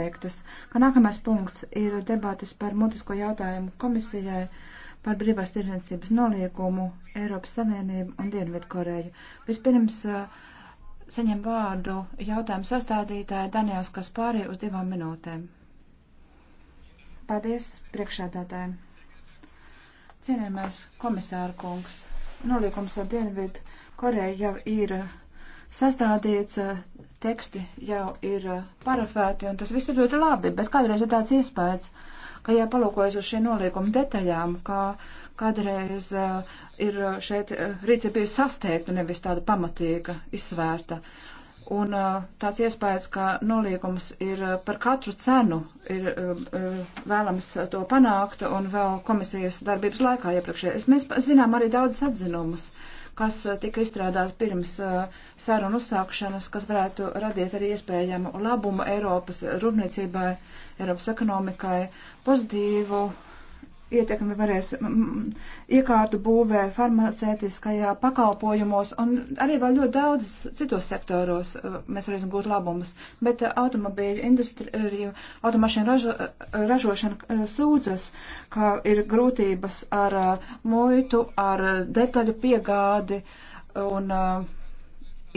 veiktas. Kā nākamais punkts ir debatas par mutisko jautājumu komisijai par brīvās tirdzniecības noliekumu Eiropas Savienību un Dienvidkoreju. Vispirms eh, saņem vārdu jautājumu sastādītāja Daniels Kaspārī uz divām minūtēm. Paldies priekšādātājiem. Cienījamais komisāra kungs, noliekums ar Dienvidkoreju jau ir sastādīts, eh, teksti jau ir eh, parafēti, un tas viss ir ļoti labi, bet kādreiz ir tāds iespējas, ka, ja palūkojas uz šiem noliekumu detaļām, kā kādreiz uh, ir šeit uh, rīcība bijusi sasteigta, nevis tāda pamatīga, izsvērta. Un uh, tāds iespējas, ka noliekums ir par katru cenu ir vēlams to panākt, un vēl komisijas darbības laikā iepriekšējais. Mēs zinām arī daudz atzinumus. Uh, kas eh, tika izstrādāti pirms eh, sarunu uzsākšanas, kas varētu radīt arī iespējamu labumu Eiropas rūpniecībai, Eiropas ekonomikai, pozitīvu ietekmi varēs mm, iekārtu būvē, farmacētiskajā pakalpojumos un arī vēl ļoti daudz citos sektoros uh, mēs varēsim gūt labumus. Bet uh, automobīļu industrija, automašīnu ražo, uh, ražošana sūdzas, ka ir grūtības ar muitu, ar detaļu piegādi un uh,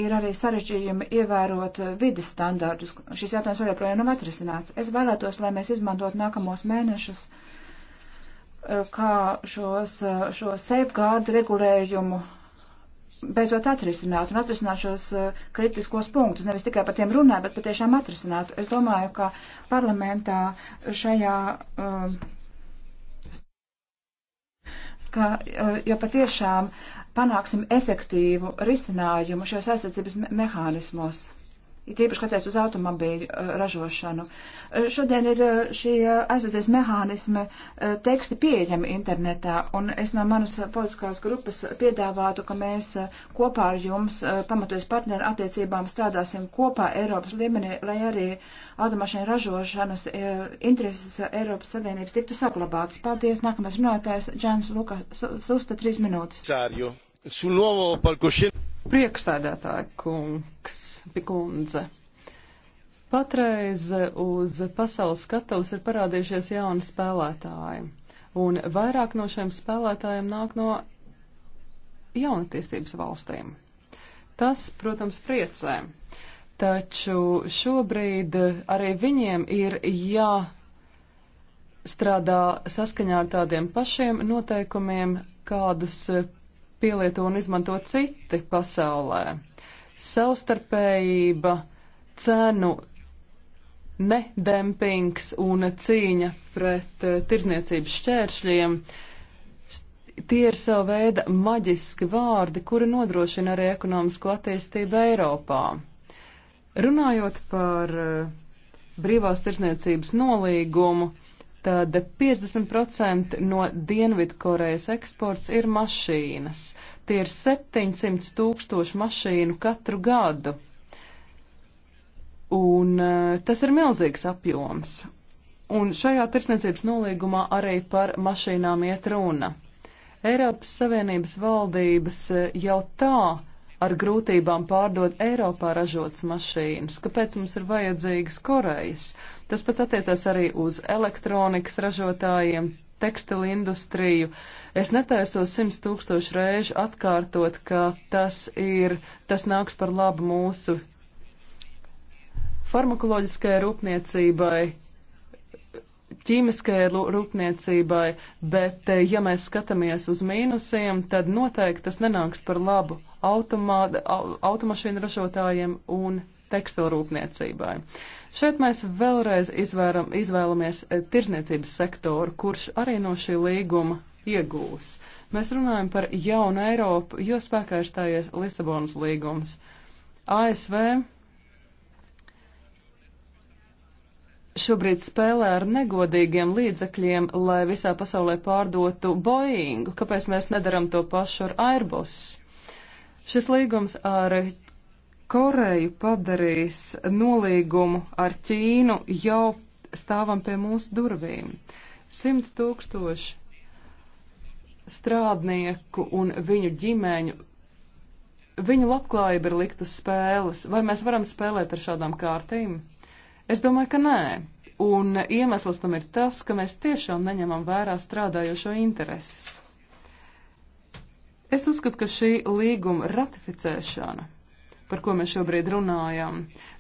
ir arī sarežģījumi ievērot vidas standārdus. Šis jautājums vēl joprojām nav atrisināts. Es vēlētos, lai mēs izmantotu nākamos mēnešus, uh, Eh, kā šos, eh, šo safeguard regulējumu beidzot atrisināt un atrisināt šos eh, kritiskos punktus. Nevis tikai par tiem runāt, bet patiešām atrisināt. Es domāju, ka parlamentā šajā. ka ja patiešām panāksim efektīvu risinājumu šajos aizsardzības mehānismos it īpaši skaties uz automobīļu uh, ražošanu. Uh, šodien ir uh, šie uh, aizsardzības mehānismi uh, teksti pieejami internetā, un es no manas politiskās grupas piedāvātu, ka mēs uh, kopā ar jums pamatojas partneru attiecībām strādāsim kopā Eiropas līmenī, lai arī automašīnu ražošanas intereses Eiropas Savienības tiktu saglabātas. Paldies, nākamais runātājs Džans Lukas Susta, trīs minūtes. Cārju sul nuovo palcoscenico. Prieksēdētāja kungs, pikundze. Patreiz uz pasaules skatuves ir parādījušies jauni spēlētāji, un vairāk no šiem spēlētājiem nāk no jaunatīstības valstīm. Tas, protams, priecē, taču šobrīd arī viņiem ir jāstrādā saskaņā ar tādiem pašiem noteikumiem, kādus pielieto un izmanto citi pasaulē. Savstarpējība, cenu nedempings un cīņa pret uh, tirzniecības šķēršļiem. Tie ir sava veida maģiski vārdi, kuri nodrošina arī ekonomisko attīstību Eiropā. Runājot par uh, brīvās tirzniecības nolīgumu, tad 50% no Dienvidkorejas eksports ir mašīnas. Tie ir 700 tūkstoši mašīnu katru gadu. Un eh, tas ir milzīgs apjoms. Un šajā tirsniecības nolīgumā arī par mašīnām iet runa. Eiropas Savienības valdības eh, jau tā ar grūtībām pārdod Eiropā ražotas mašīnas, kāpēc mums ir vajadzīgas Korejas? Tas pats attiecas arī uz elektronikas ražotājiem, tekstilu industriju. Es netaisos simts tūkstošu reižu atkārtot, ka tas ir, tas nāks par labu mūsu farmakoloģiskajai rūpniecībai, ķīmiskajai rūpniecībai, bet eh, ja mēs skatāmies uz mīnusiem, tad noteikti tas nenāks par labu automā, automašīnu ražotājiem un tekstilrūpniecībai. Šeit mēs vēlreiz izvēram, izvēlamies eh, tirzniecības sektoru, kurš arī no šī līguma iegūs. Mēs runājam par jaunu Eiropu, jo spēkā ir stājies Lisabonas līgums. ASV šobrīd spēlē ar negodīgiem līdzekļiem, lai visā pasaulē pārdotu Boeingu. Kāpēc mēs nedaram to pašu ar Airbus? Šis līgums ar Koreju padarīs nolīgumu ar Ķīnu jau stāvam pie mūsu durvīm. 100 tūkstoši strādnieku un viņu ģimeņu, viņu labklājība ir liktas spēles. Vai mēs varam spēlēt ar šādām kārtīm? Es domāju, ka nē. Un iemesls tam ir tas, ka mēs tiešām neņemam vērā strādājošo intereses. Es uzskatu, ka šī līguma ratificēšana par ko mēs šobrīd runājam.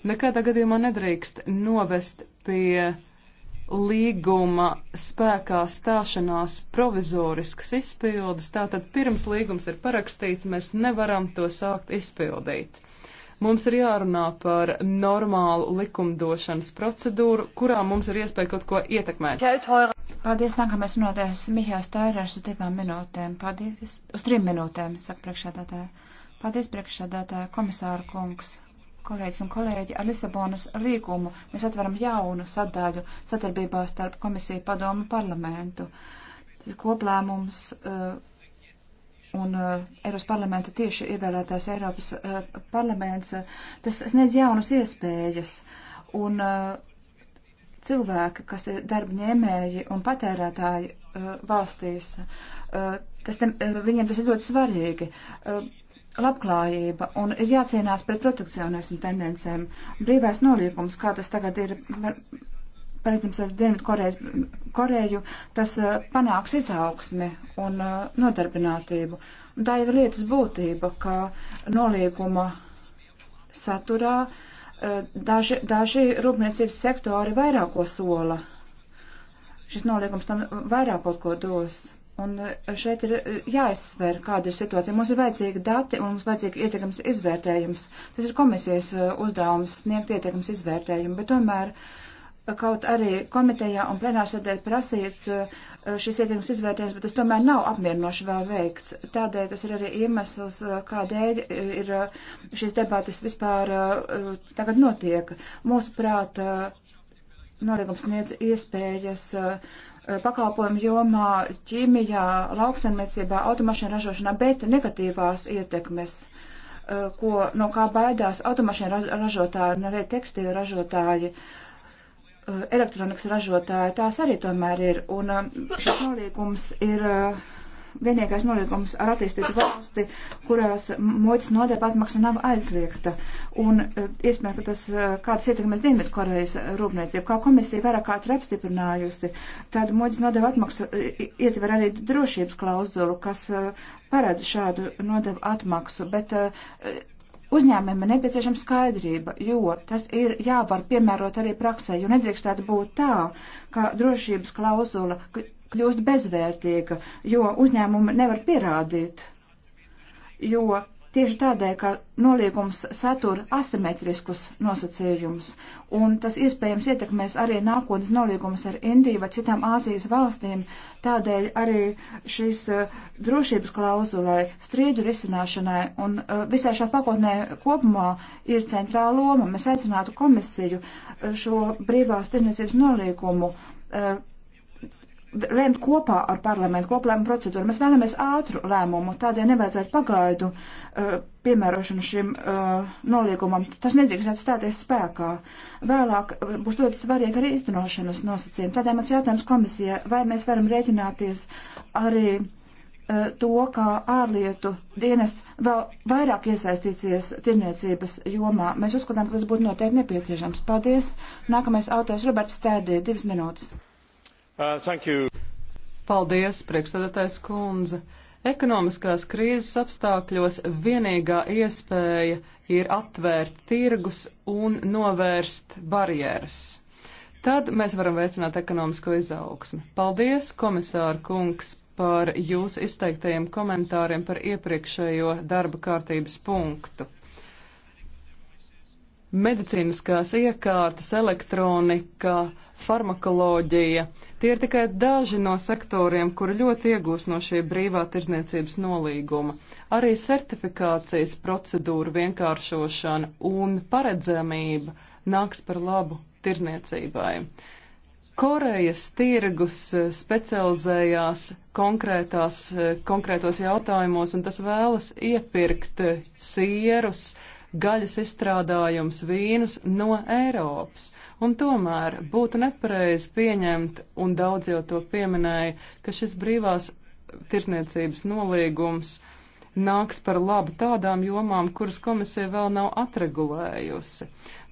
Nekādā gadījumā nedrīkst novest pie līguma spēkā stāšanās provizoriskas izpildes, tātad pirms līgums ir parakstīts, mēs nevaram to sākt izpildīt. Mums ir jārunā par normālu likumdošanas procedūru, kurā mums ir iespēja kaut ko ietekmēt. Paldies, nākamais runātājs Mihāls Tairēšs uz divām minūtēm. Paldies, uz trim minūtēm, saka priekšādātāja. Paldies, priekšsēdētāja komisāra kungs. Kolēģis un kolēģi, ar Lisabonas līgumu mēs atveram jaunu sadaļu sadarbībā starp komisiju padomu parlamentu. Koplēmums uh, un uh, Eiropas parlamenta tieši ievēlētās Eiropas uh, parlaments, uh, tas sniedz jaunas iespējas. Un uh, cilvēki, kas ir darba ņēmēji un patērētāji uh, valstīs, tas, viņiem tas ir ļoti svarīgi labklājība un ir jācīnās pret protekcionismu tendencēm. Brīvais nolīgums, kā tas tagad ir, paredzams, ar Dienvidkorejas Koreju, tas uh, panāks izaugsmi un uh, nodarbinātību. Un tā jau ir lietas būtība, ka nolīguma saturā uh, daži, daži rūpniecības sektori vairāko sola. Šis nolīgums tam vairāk kaut ko dos. Un e, šeit ir e, jāizsver, kāda ir situācija. Mums ir vajadzīgi dati un mums vajadzīgi ietekams izvērtējums. Tas ir komisijas e, uzdevums sniegt ietekams izvērtējumu, bet tomēr kaut arī komitejā un plenārsēdē prasīts šis ietekams izvērtējums, bet tas tomēr nav apmierinoši vēl veikts. Tādēļ tas ir arī iemesls, kādēļ ir šīs debātas vispār tagad notiek. Mūsuprāt, noliegums sniedz iespējas uh, Eh, pakalpojumu jomā, ķīmijā, lauksaimniecībā, automašīnu ražošanā, bet negatīvās ietekmes, eh, ko, no kā baidās automašīnu ražotāji un arī tekstīlu ražotāji, eh, elektronikas ražotāji, tās arī tomēr ir. Un šis nolīgums ir vienīgais noliegums ar attīstītu valsti, kurās muitas nodeļa atmaksa nav aizliegta. Un e, iespējams, ka tas e, kādas ietekmes Dienvidkorejas rūpniecību, kā komisija vairāk kārt ir apstiprinājusi, tad muitas nodeļa atmaksa e, ietver arī drošības klauzulu, kas paredz šādu nodeļu atmaksu. Bet, Uzņēmumiem ir nepieciešama skaidrība, jo tas ir jāvar piemērot arī praksē, jo nedrīkstētu būt tā, ka drošības klauzula, kļūst bezvērtīga, jo uzņēmumi nevar pierādīt, jo tieši tādēļ, ka noliegums satura asimetriskus nosacījumus, un tas iespējams ietekmēs arī nākotnes noliegumus ar Indiju vai citām Āzijas valstīm, tādēļ arī šīs uh, drošības klauzulai, strīdu risināšanai un uh, visai šā pakotnē kopumā ir centrāla loma. Mēs aicinātu komisiju uh, šo brīvās tirniecības noliegumu uh, lemt kopā ar parlamentu koplēmu procedūru. Mēs vēlamies ātru lēmumu, tādēļ nevajadzētu pagaidu uh, piemērošanu šim uh, noliegumam. Tas nedrīkst atstāties spēkā. Vēlāk uh, būs ļoti svarīgi arī īstenošanas nosacījumi. Tādēļ mans jautājums komisijai, vai mēs varam rēķināties arī uh, to, kā ārlietu dienas vēl vairāk iesaistīties tirniecības jomā. Mēs uzskatām, ka tas būtu noteikti nepieciešams. Paldies. Nākamais autors Roberts Stērdī, divas minūtes. Uh, Paldies, priekšsēdētājs kundze. Ekonomiskās krīzes apstākļos vienīgā iespēja ir atvērt tirgus un novērst barjeras. Tad mēs varam veicināt ekonomisko izaugsmi. Paldies, komisāra kungs, par jūsu izteiktajiem komentāriem par iepriekšējo darba kārtības punktu medicīniskās iekārtas, elektronika, farmakoloģija. Tie ir tikai daži no sektoriem, kuri ļoti iegūs no šī brīvā tirzniecības nolīguma. Arī certifikācijas procedūra vienkāršošana un paredzamība nāks par labu tirzniecībai. Korejas tirgus eh, specializējās konkrētās, eh, konkrētos jautājumos, un tas vēlas iepirkt eh, sierus, gaļas izstrādājums, vīnus no Eiropas. Un tomēr būtu nepareizi pieņemt, un daudz jau to pieminēja, ka šis brīvās tirsniecības nolīgums nāks par labu tādām jomām, kuras komisija vēl nav atregulējusi.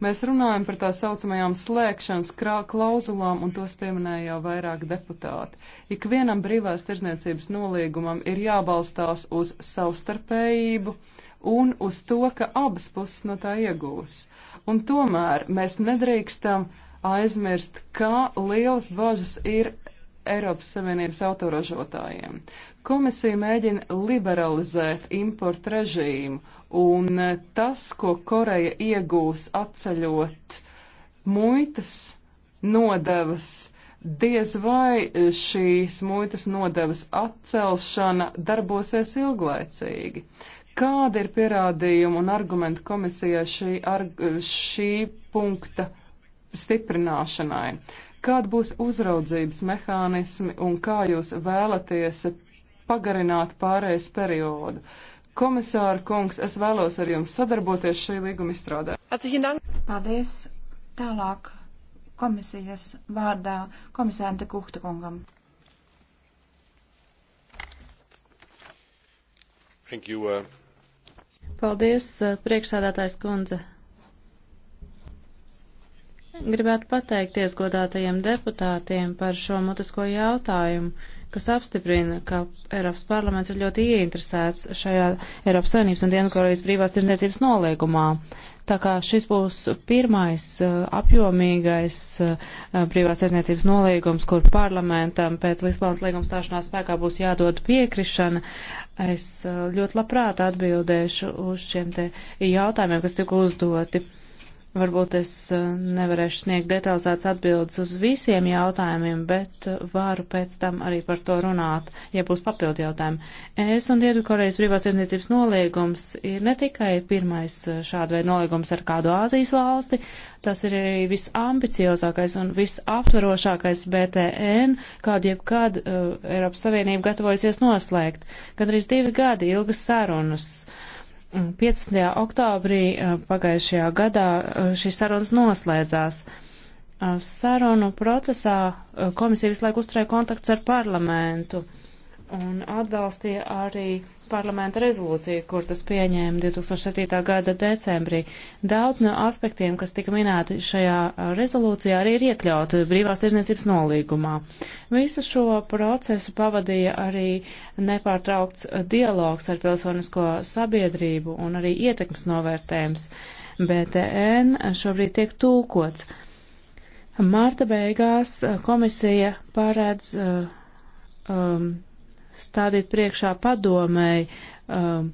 Mēs runājam par tā saucamajām slēgšanas klauzulām, un tos pieminēja jau vairāk deputāti. Ikvienam brīvās tirdzniecības nolīgumam ir jābalstās uz savstarpējību, un uz to, ka abas puses no tā iegūs. Un tomēr mēs nedrīkstam aizmirst, kā liels bažas ir Eiropas Savienības autoražotājiem. Komisija mēģina liberalizēt importu režīmu, un e, tas, ko Koreja iegūs atceļot muitas nodevas, diez vai šīs muitas nodevas atcelšana darbosies ilglaicīgi. Kāda ir pierādījuma un argumenta komisijai šī, ar, šī punkta stiprināšanai? Kāda būs uzraudzības mehānismi un kā jūs vēlaties pagarināt pārējais periodu? Komisāra kungs, es vēlos ar jums sadarboties šī līguma izstrādē. Paldies. Tālāk komisijas vārdā komisāram te Kuhta kungam. Thank you, uh... Paldies, eh, priekšsādātājs kundze. Gribētu pateikties godātajiem deputātiem par šo mutisko jautājumu, kas apstiprina, ka Eiropas parlaments ir ļoti ieinteresēts šajā Eiropas Savienības un Dienvidkorejas brīvās tirdzniecības noliegumā. Tā kā šis būs pirmais eh, apjomīgais eh, brīvās aizniecības nolīgums, kur parlamentam pēc Lisbonas līguma stāšanās spēkā būs jādod piekrišana Es eh, ļoti labprāt atbildēšu uz šiem te jautājumiem, kas tika uzdoti. Varbūt es eh, nevarēšu sniegt detalizētas atbildes uz visiem jautājumiem, bet eh, varu pēc tam arī par to runāt, ja būs papildu jautājumi. Es un Dienvidkorejas brīvās tirdzniecības noliegums ir ne tikai pirmais eh, šāda veida noliegums ar kādu Āzijas valsti, tas ir arī visambiciozākais un visaptverošākais BTN, kādu jebkad uh, Eiropas Savienība gatavojusies noslēgt. Gan arī divi gadi ilgas sarunas. Uh, 15. Mm, oktobrī uh, pagājušajā gadā uh, šīs sarunas noslēdzās. Uh, sarunu procesā komisija visu laiku uzturēja kontakts ar parlamentu un atbalstīja arī parlamenta rezolūciju, kur tas pieņēma 2007. gada decembrī. Daudz no aspektiem, kas tika minēti šajā rezolūcijā, arī ir iekļauti brīvās tirzniecības nolīgumā. Visu šo procesu pavadīja arī nepārtraukts dialogs ar pilsonisko sabiedrību un arī ietekmes novērtējums. BTN šobrīd tiek tūkots. Marta beigās komisija paredz uh, um, stādīt priekšā padomēji uh,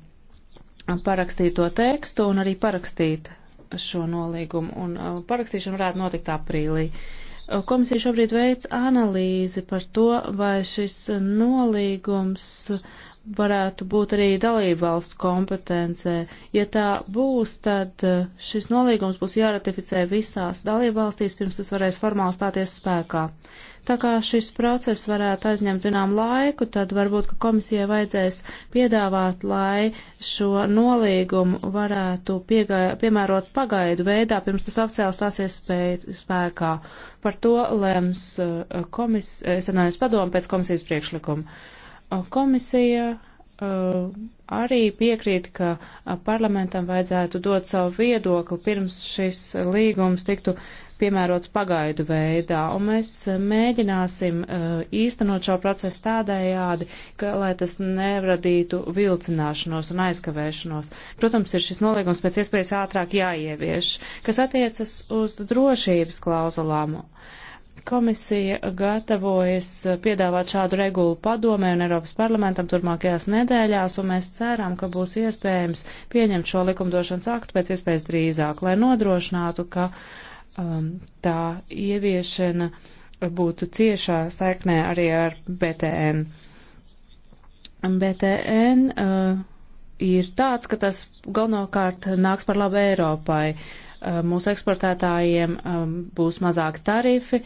parakstīto tekstu un arī parakstīt šo nolīgumu. Un uh, parakstīšana varētu notikt aprīlī. Uh, komisija šobrīd veic analīzi par to, vai šis nolīgums varētu būt arī dalību valstu kompetencē. Ja tā būs, tad uh, šis nolīgums būs jāratificē visās dalību valstīs, pirms tas varēs formāli stāties spēkā. Uh, Tā kā šis process varētu aizņemt zinām laiku, tad varbūt, ka komisijai vajadzēs piedāvāt, lai šo nolīgumu varētu piegā, piemērot pagaidu veidā, pirms tas oficiāli stāsies spēkā. Par to lems uh, komis, es anāju padomu pēc komisijas priekšlikuma. Uh, komisija uh, arī piekrīt, ka parlamentam vajadzētu dot savu viedokli pirms šis līgums tiktu piemērots pagaidu veidā, un mēs eh, mēģināsim eh, īstenot šo procesu tādējādi, ka, lai tas neradītu vilcināšanos un aizkavēšanos. Protams, ir šis noliegums pēc iespējas ātrāk jāievieš, kas attiecas uz drošības klauzulām. Komisija gatavojas eh, piedāvāt šādu regulu padomē un Eiropas parlamentam turmākajās nedēļās, un mēs ceram, ka būs iespējams pieņemt šo likumdošanas aktu pēc iespējas drīzāk, lai nodrošinātu, ka uh, Um, tā ieviešana būtu ciešā saiknē arī ar BTN. BTN uh, ir tāds, ka tas galvenokārt nāks par labu Eiropai. Uh, mūsu eksportētājiem um, būs mazāk tarifi,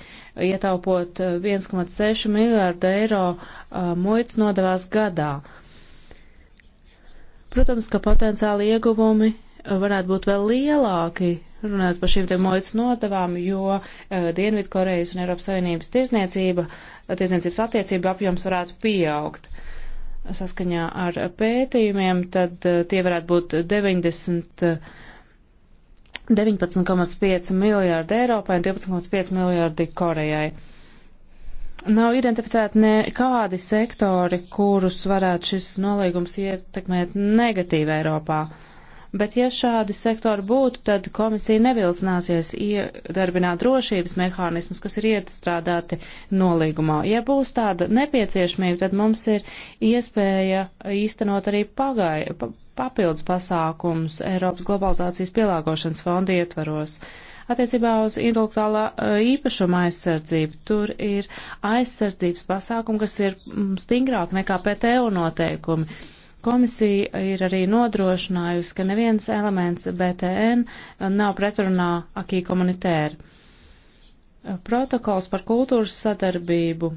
ietaupot 1,6 uh, miljārdu eiro uh, muitas nodevās gadā. Protams, ka potenciāli ieguvumi uh, varētu būt vēl lielāki, runāt par šīm te moitas nodavām, jo uh, Dienvidkorejas un Eiropas Savienības tiesniecība, tiesniecības attiecība apjoms varētu pieaugt. Saskaņā ar pētījumiem, tad uh, tie varētu būt 90. Uh, 19,5 miljārdi Eiropai un 12,5 miljārdi Korejai. Nav identificēti nekādi sektori, kurus varētu šis nolīgums ietekmēt negatīvi Eiropā. Uh, Bet ja šādi sektori būtu, tad komisija nevilcināsies iedarbināt drošības mehānismus, kas ir iestrādāti nolīgumā. Ja būs tāda nepieciešamība, tad mums ir iespēja īstenot arī pagai, pa, papildus pasākums Eiropas globalizācijas pielāgošanas fonda ietvaros attiecībā uz intelektuālā īpašuma aizsardzību. Tur ir aizsardzības pasākumi, kas ir mm, stingrāk nekā PTO noteikumi. Komisija ir arī nodrošinājusi, ka neviens elements BTN nav pretrunā akī komunitēri. Protokols par kultūras sadarbību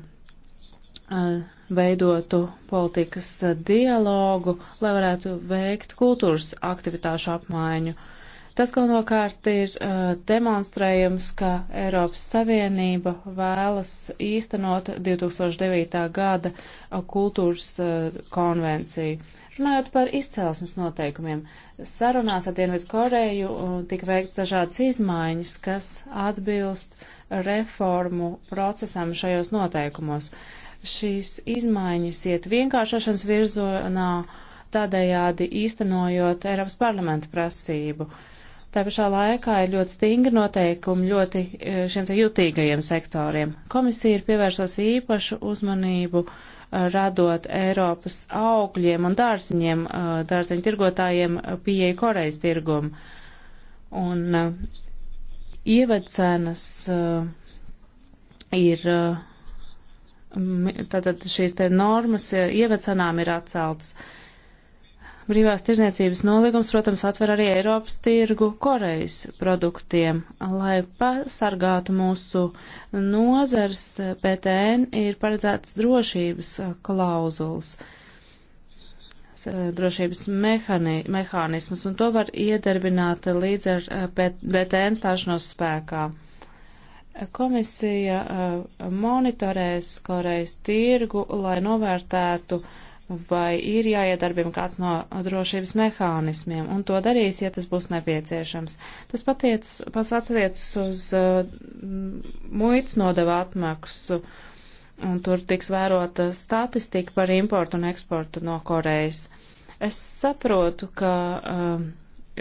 veidotu politikas dialogu, lai varētu veikt kultūras aktivitāšu apmaiņu. Uh, Tas galvenokārt ir uh, demonstrējums, ka Eiropas Savienība vēlas īstenot 2009. gada uh, kultūras uh, konvenciju. Runājot par izcelsmes noteikumiem, sarunās ar Dienvidu Koreju uh, tika veikts dažādas izmaiņas, kas atbilst reformu procesam šajos noteikumos. Šīs izmaiņas iet vienkāršošanas virzienā, tādējādi īstenojot Eiropas parlamenta prasību. Uh, Tā pašā laikā ir ļoti stingri noteikumi ļoti e, šiem te jutīgajiem sektoriem. Komisija ir pievērsos īpašu uzmanību e, radot Eiropas augļiem un dārziņiem, e, dārziņu tirgotājiem pieeja Korejas tirgumu. Un ievecenas ir tātad šīs te normas ievecenām ir atceltas. Uh, Brīvās tirzniecības nolīgums, protams, atver arī Eiropas tirgu Korejas produktiem. Lai pasargātu mūsu nozars, PTN ir paredzētas drošības klauzulas, drošības mehani, mehānismas, un to var iedarbināt līdz ar eh, PTN stāšanos spēkā. Komisija eh, monitorēs Korejas tirgu, lai novērtētu uh, vai ir jāiedarbina kāds no drošības mehānismiem, un to darīs, ja tas būs nepieciešams. Tas patiec, pats attiecas uz uh, muitas nodevu atmaksu, un tur tiks vērota statistika par importu un eksportu no Korejas. Es saprotu, ka uh,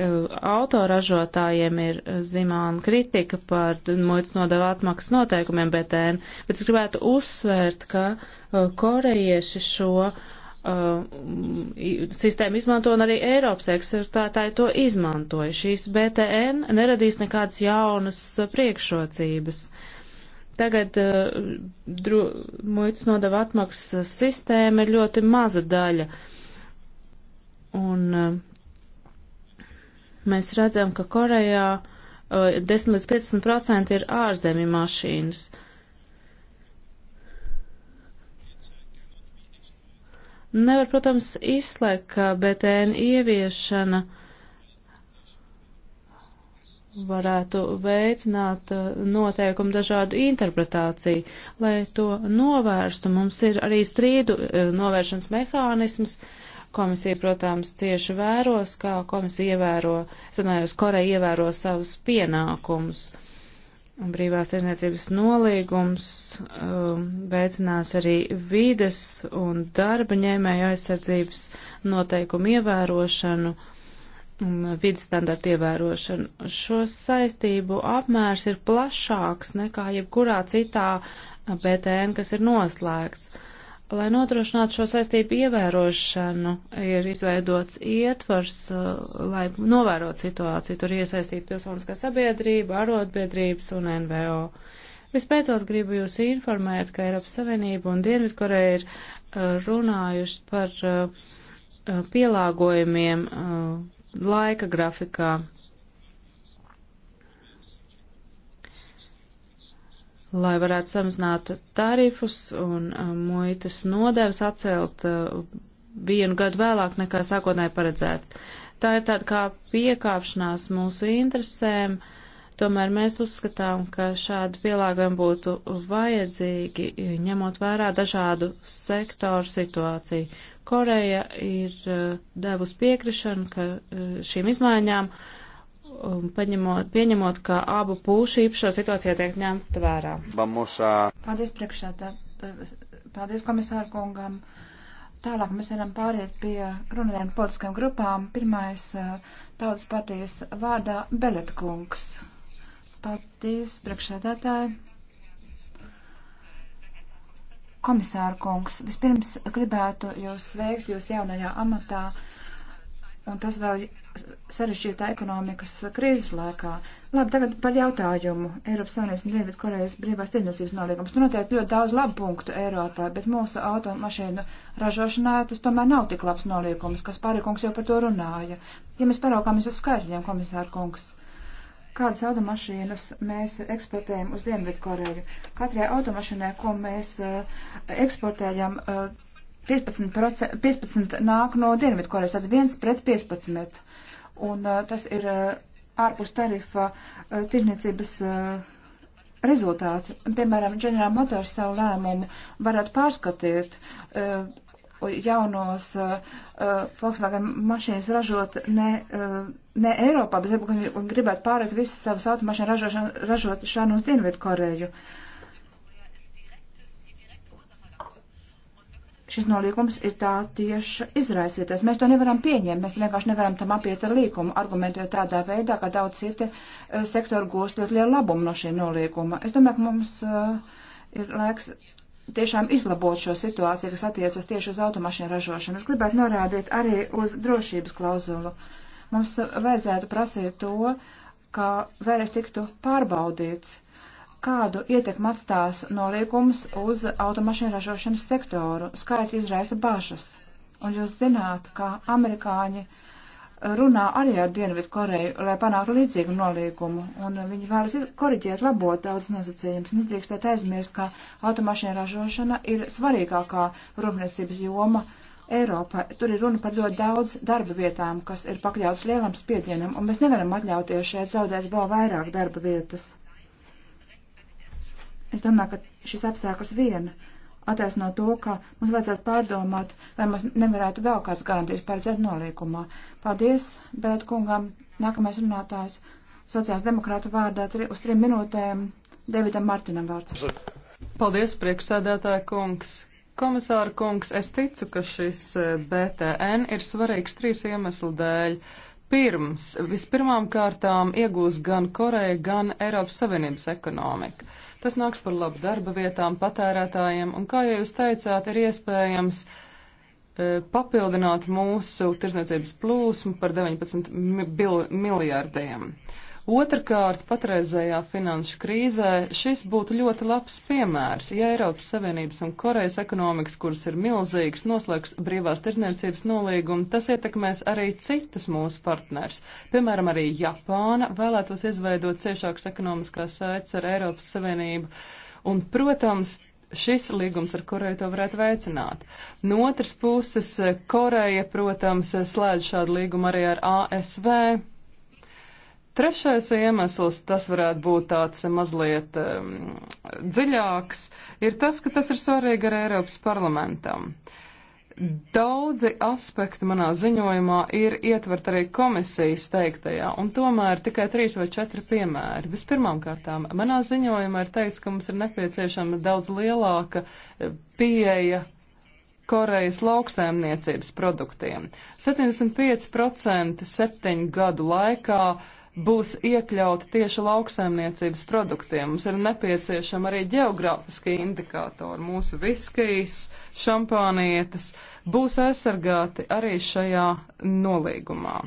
autoražotājiem ir zināma kritika par muitas nodevu atmaksas noteikumiem BTN, bet es gribētu uzsvērt, ka uh, korejieši šo uh, Uh, mm, sistēmu izmanto un arī Eiropas eksportētāji to izmantoja. Šīs BTN neradīs nekādas jaunas priekšrocības. Tagad uh, muitas nodeva atmaksas sistēma ir ļoti maza daļa. Un uh, mēs redzam, ka Korejā uh, 10 līdz 15% ir ārzemju mašīnas. Uh, Nevar, protams, izslēgt, ka BTN ieviešana varētu veicināt uh, noteikumu dažādu interpretāciju. Lai to novērstu, mums ir arī strīdu uh, novēršanas mehānisms. Komisija, protams, cieši vēros, kā komisija ievēro, sanājos, Koreja ievēro savus pienākumus. Uh, brīvās tirzniecības nolīgums um, veicinās arī vīdes un darba ņēmēju aizsardzības noteikumu ievērošanu un vidas standartu ievērošanu. Šo saistību apmērs ir plašāks nekā jebkurā citā BTN, kas ir noslēgts. Uh, Lai nodrošinātu šo saistību ievērošanu, ir izveidots ietvars, uh, lai novērotu situāciju. Tur iesaistīta pilsoniskā sabiedrība, arotbiedrības un NVO. Vispēcot gribu jūs informēt, ka Eiropas Savienība un Dienvidkoreja ir uh, runājuši par uh, pielāgojumiem laika grafikā lai varētu samazināt tarifus un um, muitas nodevas atcelt uh, vienu gadu vēlāk nekā sākotnēji paredzēts. Tā ir tāda kā piekāpšanās mūsu interesēm, tomēr mēs uzskatām, ka šādi pielāgojumi būtu vajadzīgi, ņemot vērā dažādu sektoru situāciju. Koreja ir uh, devus piekrišanu, ka uh, šīm izmaiņām uh, Um, paņemot, pieņemot, ka abu pušu īpašā situācijā tiek ņemta vērā. Bamosā. Paldies priekšētā, paldies komisāru kungam. Tālāk mēs varam pāriet pie runājiem politiskajām grupām. Pirmais uh, tautas partijas vārdā Belet kungs. Paldies priekšētātāji. Komisāru kungs, vispirms gribētu jūs sveikt jūs jaunajā amatā. Uh, un tas vēl sarežģītā ekonomikas krīzes laikā. Labi, tagad par jautājumu Eiropas Savienības un Dienvidu Korejas brīvās tirdzniecības nolīgums. Tur noteikti ļoti daudz labu punktu Eiropā, bet mūsu automašīnu ražošanā tas tomēr nav tik labs nolīgums, kas pārīkums jau par to runāja. Ja mēs paraugāmies uz skaitļiem, komisāra kungs, kādas automašīnas mēs eksportējam uz Dienvidu Koreju? Katrai automašīnai, ko mēs uh, eksportējam, uh, 15%, 15 nāk no Dienvidkorejas, tad 1 pret 15. Un uh, tas ir uh, ārpus tarifa uh, tirzniecības. Uh, Rezultāts, piemēram, General Motors savu lēmumu varētu pārskatīt, uh, jaunos uh, uh Volkswagen mašīnas ražot ne, uh, ne Eiropā, bet varbūt viņi gribētu pārēt visu savus automašīnu ražošanu, ražošanu uz Dienvidkoreju. Uh, šis nolīgums ir tā tieši izraisīties. Mēs to nevaram pieņemt, mēs vienkārši nevaram tam apiet ar līkumu, argumentējot tādā veidā, ka daudz citi eh, sektori gūst ļoti lielu labumu no šī nolīguma. Es domāju, ka mums uh, ir laiks tiešām izlabot šo situāciju, kas attiecas tieši uz automašīnu ražošanu. Es gribētu norādīt arī uz drošības klauzulu. Mums vajadzētu prasīt to, ka vēlreiz tiktu pārbaudīts kādu ietekmu atstās noliekums uz automašīnu ražošanas sektoru. Skaitļi izraisa bažas. Un jūs zināt, ka amerikāņi runā arī ar Dienvidu Koreju, lai panāktu līdzīgu noliekumu. Un viņi vēlas koriģēt, labot daudz nosacījums. Nedrīkstēt aizmirst, ka automašīnu ražošana ir svarīgākā rūpniecības joma. Eiropā. Tur ir runa par ļoti daudz darba vietām, kas ir pakļauts lielam spiedienam, un mēs nevaram atļauties šeit zaudēt vēl vairāk darba vietas. Es domāju, ka šis apstākļus vien attaisno to, ka mums vajadzētu pārdomāt, vai mums nevarētu vēl kāds garantijas paredzēt noliekumā. Paldies, bet kungam nākamais runātājs sociāls demokrātu vārdā tri, uz trim minūtēm Davidam Martinam vārds. Paldies, priekšsēdētāja kungs. Komisāra kungs, es ticu, ka šis eh, BTN ir svarīgs trīs iemeslu dēļ pirms vispirmām kārtām iegūs gan Koreja, gan Eiropas Savienības ekonomika. Tas nāks par labu darba vietām, patērētājiem, un kā jau jūs teicāt, ir iespējams e, papildināt mūsu tirzniecības plūsmu par 19 mil miljārdiem. Mil Otrakārt, patreizējā finanšu krīzē šis būtu ļoti labs piemērs, ja Eiropas Savienības un Korejas ekonomikas, kuras ir milzīgas, noslēgs brīvās tirzniecības nolīgumu, tas ietekmēs arī citus mūsu partners. Piemēram, arī Japāna vēlētos izveidot ciešākas ekonomiskās saites ar Eiropas Savienību. Un, protams, šis līgums ar Koreju to varētu veicināt. No otras puses, Koreja, protams, slēdz šādu līgumu arī ar ASV. Trešais iemesls, tas varētu būt tāds eh, mazliet um, dziļāks, ir tas, ka tas ir svarīgi arī Eiropas parlamentam. Daudzi aspekti manā ziņojumā ir ietvert arī komisijas teiktajā, un tomēr tikai trīs vai četri piemēri. Vispirmām kārtām, manā ziņojumā ir teikts, ka mums ir nepieciešama daudz lielāka eh, pieeja Korejas lauksēmniecības produktiem. 75% septiņu gadu laikā uh, būs iekļauti tieši lauksaimniecības produktiem. Mums ir nepieciešama arī geogrāfiskie indikātori. Mūsu viskijas, šampānietes būs aizsargāti arī šajā nolīgumā.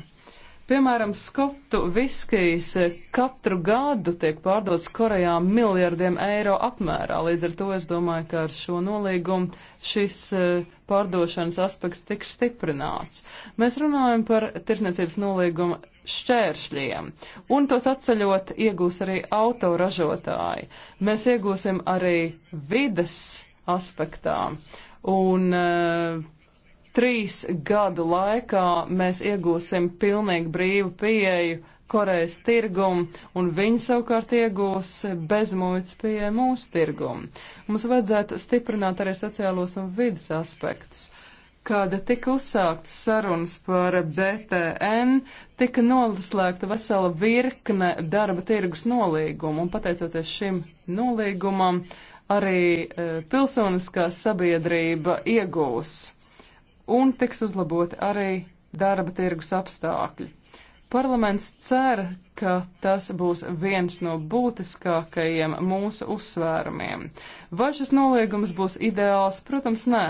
Piemēram, skotu viskijas katru gadu tiek pārdots Korejā miljardiem eiro apmērā. Līdz ar to es domāju, ka ar šo nolīgumu šis e, pārdošanas aspekts tiks stiprināts. Mēs runājam par tirsniecības nolīgumu šķēršļiem, un tos atceļot iegūs arī autoražotāji. Mēs iegūsim arī vides aspektā, un uh, trīs gadu laikā mēs iegūsim pilnīgi brīvu pieeju Korejas tirgumu, un viņi savukārt iegūs bezmuitas pie mūsu tirgumu. Mums vajadzētu stiprināt arī sociālos un vidas aspektus. Kad tika uzsāktas sarunas par BTN, tika noslēgta vesela virkne darba tirgus nolīgumu, un pateicoties šim nolīgumam, arī e, pilsoniskā sabiedrība iegūs un tiks uzlaboti arī darba tirgus apstākļi. Parlaments cer, ka tas būs viens no būtiskākajiem mūsu uzsvērumiem. Vai šis noliegums būs ideāls? Protams, nē.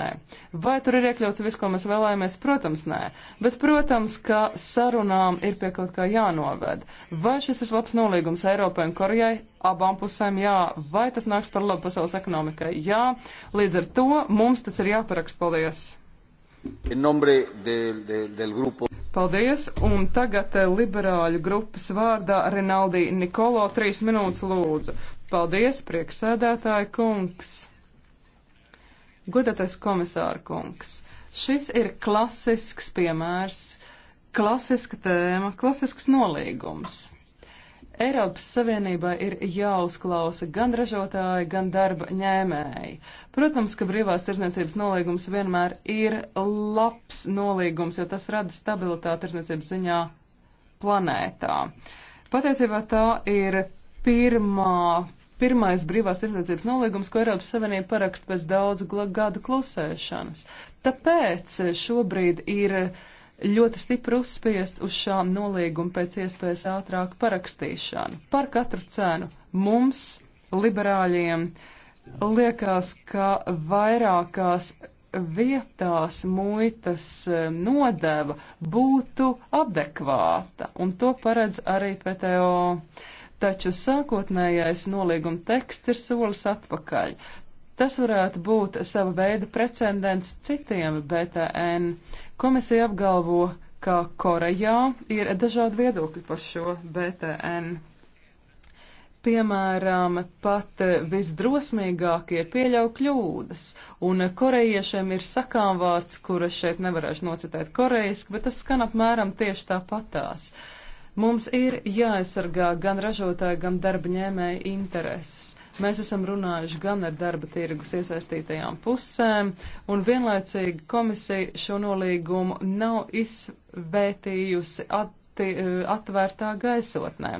Vai tur ir iekļauts viss, ko mēs vēlējāmies? Protams, nē. Bet, protams, ka sarunām ir pie kaut kā jānoved. Vai šis ir labs noliegums Eiropai un Korejai? Abām pusēm jā. Vai tas nāks par labu pasaules ekonomikai? Jā. Līdz ar to mums tas ir jāparakst. Paldies! En nombre del, del, del grupo. Paldies, un tagad eh, liberāļu grupas vārdā Rinaldī Nikolo trīs minūtes lūdzu. Paldies, prieksēdētāji kungs. Gudatais komisāra kungs. Šis ir klasisks piemērs, klasiska tēma, klasisks nolīgums. Eiropas Savienībai ir jāuzklausa gan ražotāji, gan darba ņēmēji. Protams, ka brīvās tirzniecības nolīgums vienmēr ir labs nolīgums, jo tas rada stabilitāti tirzniecības ziņā planētā. Patiesībā tā ir pirmā, pirmais brīvās tirzniecības nolīgums, ko Eiropas Savienība parakst pēc daudzu gadu klusēšanas. Tāpēc šobrīd ir ļoti stipri uzspiest uz šām nolīgumu pēc iespējas ātrāk parakstīšanu. Par katru cenu mums, liberāļiem, liekas, ka vairākās vietās muitas eh, nodeva būtu adekvāta, un to paredz arī PTO. Taču sākotnējais nolīguma teksts ir solis atpakaļ. Tas varētu būt sava veida precedents citiem BTN. Eh, komisija apgalvo, ka Korejā ir dažādi viedokļi par šo BTN. Eh, Piemēram, pat visdrosmīgākie pieļauj kļūdas, un korejiešiem ir sakām vārds, kuras šeit nevarēšu nocitēt korejiski, bet tas skan apmēram tieši tāpatās. Mums ir jāaizsargā gan ražotāji, gan darba ņēmēji intereses. Mēs esam runājuši gan ar darba tirgus iesaistītajām pusēm, un vienlaicīgi komisija šo nolīgumu nav izvērtījusi atti, e, atvērtā gaisotnē.